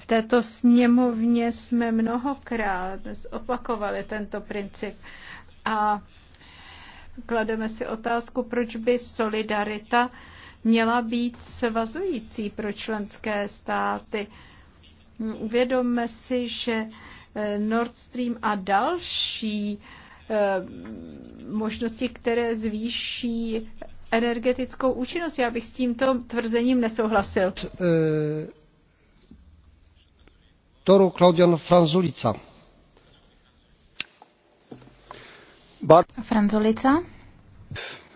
V této sněmovně jsme mnohokrát opakovali tento princip. A Klademe si otázku, proč by solidarita měla být svazující pro členské státy. Uvědomme si, že eh, Nord Stream a další eh, možnosti, které zvýší energetickou účinnost. Já bych s tímto tvrzením nesouhlasil. Eh, Toru Claudian Franzulica. Franzolica.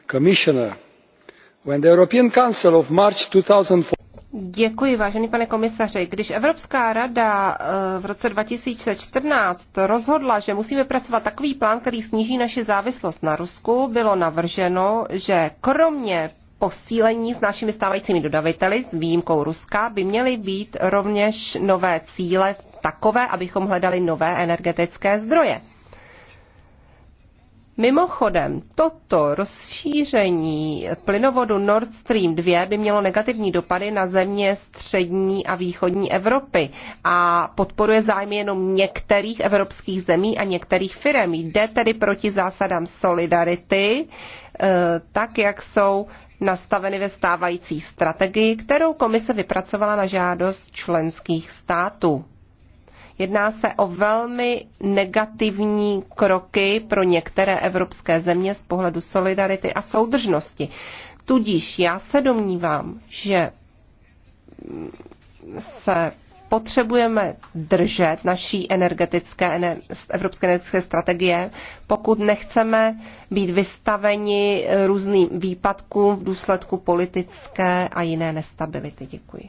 Commissioner, when the European Council of March Děkuji, vážený pane komisaři. Když Evropská rada eh, v roce 2014 rozhodla, že musíme pracovat takový plán, který sníží naši závislost na Rusku, bylo navrženo, že kromě posílení s našimi stávajícími dodaviteli, s výjimkou Ruska, by měly být rovněž nové cíle takové, abychom hledali nové energetické zdroje. Mimochodem, toto rozšíření plynovodu Nord Stream 2 by mělo negativní dopady na země střední a východní Evropy a podporuje zájmy jenom některých evropských zemí a některých firm. Jde tedy proti zásadám solidarity, eh, tak jak jsou nastaveny ve stávající strategii, kterou komise vypracovala na žádost členských států. Jedná se o velmi negativní kroky pro některé evropské země z pohledu solidarity a soudržnosti. Tudíž já se domnívám, že se potřebujeme držet naší energetické, evropské energetické strategie, pokud nechceme být vystaveni různým výpadkům v důsledku politické a jiné nestability. Děkuji.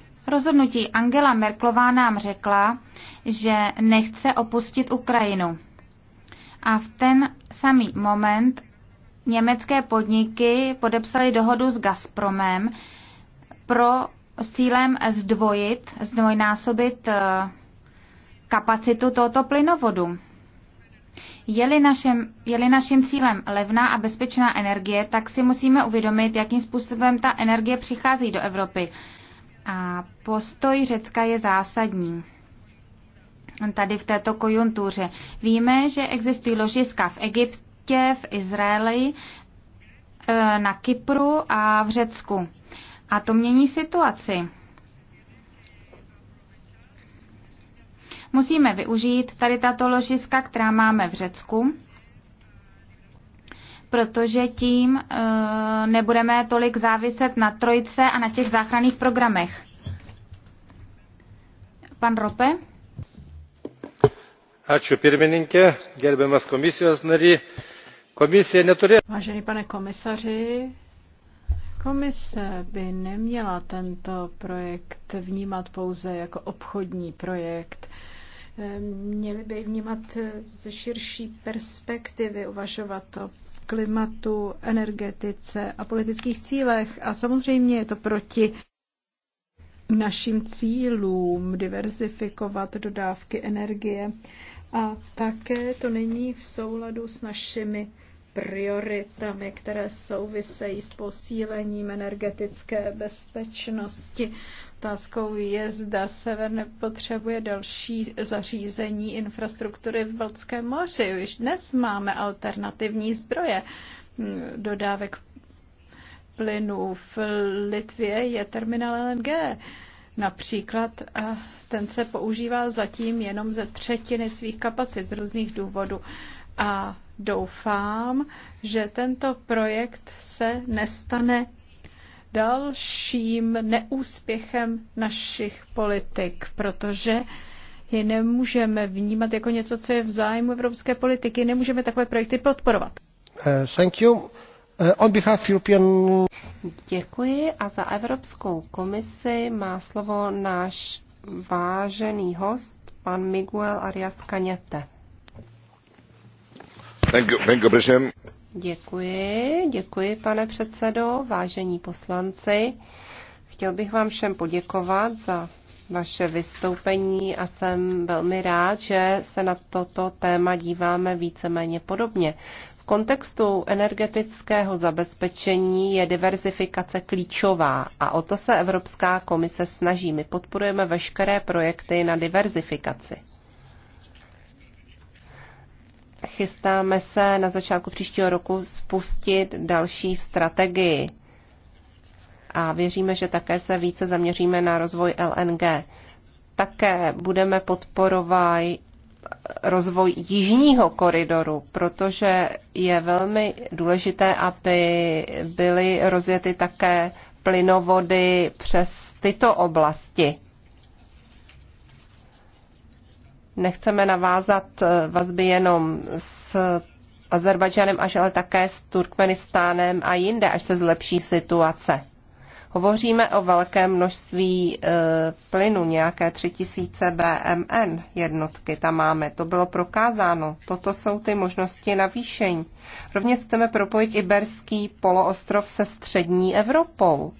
rozhodnutí Angela Merklová nám řekla, že nechce opustit Ukrajinu. A v ten samý moment německé podniky podepsaly dohodu s Gazpromem pro s cílem zdvojit, zdvojnásobit eh, kapacitu tohoto plynovodu. Je-li, našem, je-li naším cílem levná a bezpečná energie, tak si musíme uvědomit, jakým způsobem ta energie přichází do Evropy. A postoj Řecka je zásadní tady v této konjuntuře. Víme, že existují ložiska v Egyptě, v Izraeli, e, na Kypru a v Řecku. A to mění situaci. Musíme využít tady tato ložiska, která máme v Řecku, protože tím eh, nebudeme tolik záviset na trojce a na těch záchranných programech. Pan Rope. Ačiū pirmininkė, gerbiamas komisijos nary. Komisie neturė... Vážený pane komisaři, komise by neměla tento projekt vnímat pouze jako obchodní projekt měli by vnímat ze širší perspektivy, uvažovat o klimatu, energetice a politických cílech. A samozřejmě je to proti našim cílům diverzifikovat dodávky energie. A také to není v souladu s našimi prioritami, které souvisejí s posílením energetické bezpečnosti, Otázkou je, zda sever nepotřebuje další zařízení infrastruktury v Baltském moři. Už dnes máme alternativní zdroje dodávek plynu. V Litvě je terminál LNG například a ten se používá zatím jenom ze třetiny svých kapacit z různých důvodů. A doufám, že tento projekt se nestane dalším neúspěchem našich politik, protože je nemůžeme vnímat jako něco, co je v zájmu evropské politiky. Nemůžeme takové projekty podporovat. Uh, thank you. Uh, on behalf European... Děkuji a za Evropskou komisi má slovo náš vážený host, pan Miguel Arias Cañete. Thank you, thank you, Děkuji, děkuji pane předsedo, vážení poslanci. Chtěl bych vám všem poděkovat za vaše vystoupení a jsem velmi rád, že se na toto téma díváme víceméně podobně. V kontextu energetického zabezpečení je diverzifikace klíčová a o to se Evropská komise snaží. My podporujeme veškeré projekty na diverzifikaci. Chystáme se na začátku příštího roku spustit další strategii a věříme, že také se více zaměříme na rozvoj LNG. Také budeme podporovat rozvoj jižního koridoru, protože je velmi důležité, aby byly rozjety také plynovody přes tyto oblasti nechceme navázat eh, vazby jenom s Azerbajdžanem až, ale také s Turkmenistánem a jinde, až se zlepší situace. Hovoříme o velkém množství e, plynu, nějaké 3000 BMN jednotky tam máme. To bylo prokázáno. Toto jsou ty možnosti navýšení. Rovněž chceme propojit Iberský poloostrov se střední Evropou.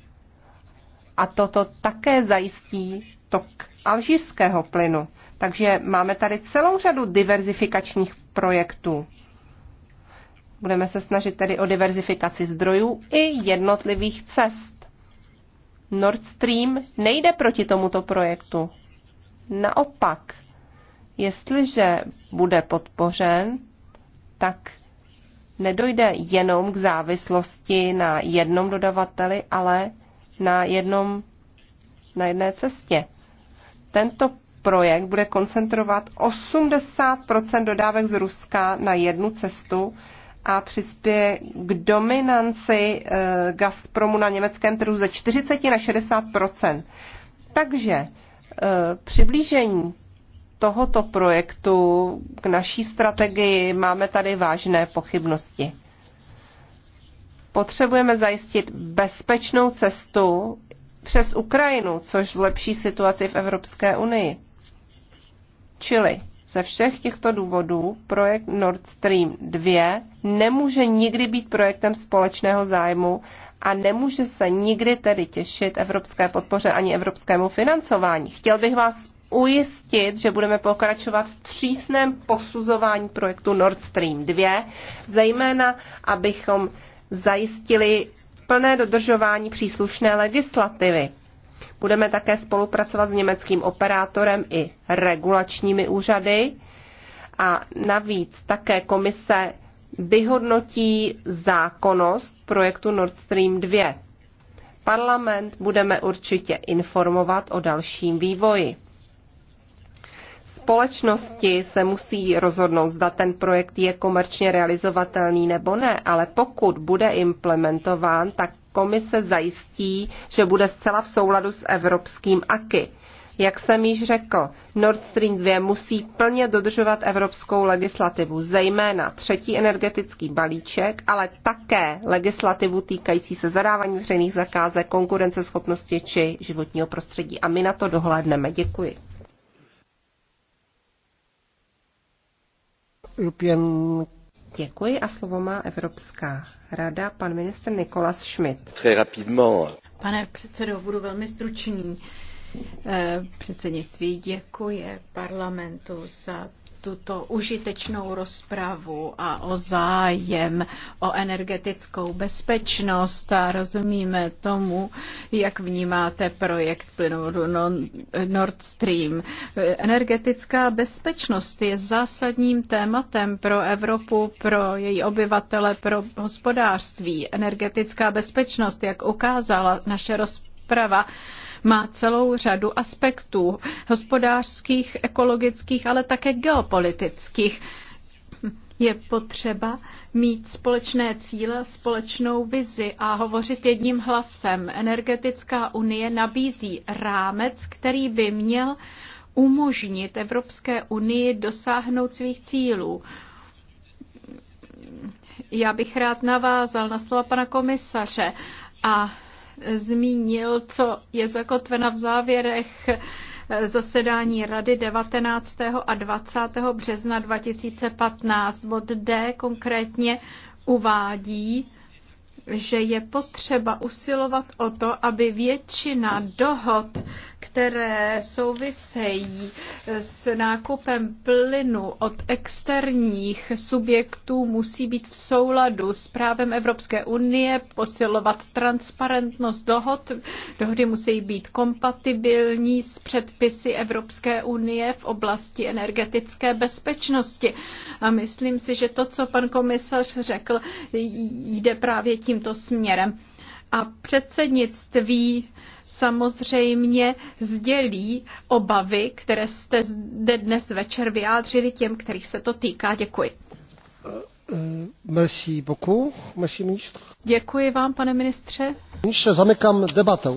A toto také zajistí tok alžírského plynu. Takže máme tady celou řadu diverzifikačních projektů. Budeme se snažit tedy o diverzifikaci zdrojů i jednotlivých cest. Nord Stream nejde proti tomuto projektu. Naopak, jestliže bude podpořen, tak nedojde jenom k závislosti na jednom dodavateli, ale na, jednom, na jedné cestě. Tento projekt bude koncentrovat 80 dodávek z Ruska na jednu cestu a přispěje k dominanci eh, Gazpromu na německém trhu ze 40 na 60 Takže eh, přiblížení tohoto projektu k naší strategii máme tady vážné pochybnosti. Potřebujeme zajistit bezpečnou cestu přes Ukrajinu, což zlepší situaci v Evropské unii. Čili ze všech těchto důvodů projekt Nord Stream 2 nemůže nikdy být projektem společného zájmu a nemůže se nikdy tedy těšit evropské podpoře ani evropskému financování. Chtěl bych vás ujistit, že budeme pokračovat v přísném posuzování projektu Nord Stream 2, zejména abychom zajistili plné dodržování příslušné legislativy. Budeme také spolupracovat s německým operátorem i regulačními úřady a navíc také komise vyhodnotí zákonnost projektu Nord Stream 2. Parlament budeme určitě informovat o dalším vývoji. Společnosti se musí rozhodnout, zda ten projekt je komerčně realizovatelný nebo ne, ale pokud bude implementován, tak komise zajistí, že bude zcela v souladu s evropským AKY. Jak jsem již řekl, Nord Stream 2 musí plně dodržovat evropskou legislativu, zejména třetí energetický balíček, ale také legislativu týkající se zadávání veřejných zakázek, konkurenceschopnosti či životního prostředí. A my na to dohlédneme. Děkuji. European Děkuji a slovo má Evropská rada, pan minister Nikolas Schmidt. Pane předsedo, budu velmi stručný. Eh, předsednictví děkuje parlamentu za tuto užitečnou rozpravu a o zájem o energetickou bezpečnost a rozumíme tomu, jak vnímáte projekt plynovodu Nord Stream. Energetická bezpečnost je zásadním tématem pro Evropu, pro její obyvatele, pro hospodářství. Energetická bezpečnost, jak ukázala naše rozprava, má celou řadu aspektů hospodářských, ekologických, ale také geopolitických. Je potřeba mít společné cíle, společnou vizi a hovořit jedním hlasem. Energetická unie nabízí rámec, který by měl umožnit Evropské unii dosáhnout svých cílů. Já bych rád navázal na slova pana komisaře a zmínil, co je zakotveno v závěrech zasedání Rady 19. a 20. března 2015. Bod D konkrétně uvádí, že je potřeba usilovat o to, aby většina dohod které souvisejí s nákupem plynu od externích subjektů, musí být v souladu s právem Evropské unie, posilovat transparentnost dohod. Dohody musí být kompatibilní s předpisy Evropské unie v oblasti energetické bezpečnosti. A myslím si, že to, co pan komisař řekl, jde právě tímto směrem. A předsednictví samozřejmě sdělí obavy, které jste zde dnes večer vyjádřili těm, kterých se to týká. Děkuji. Eh, eh, merci beaucoup, merci Děkuji vám, pane ministře. Ministře, zamykám debatu.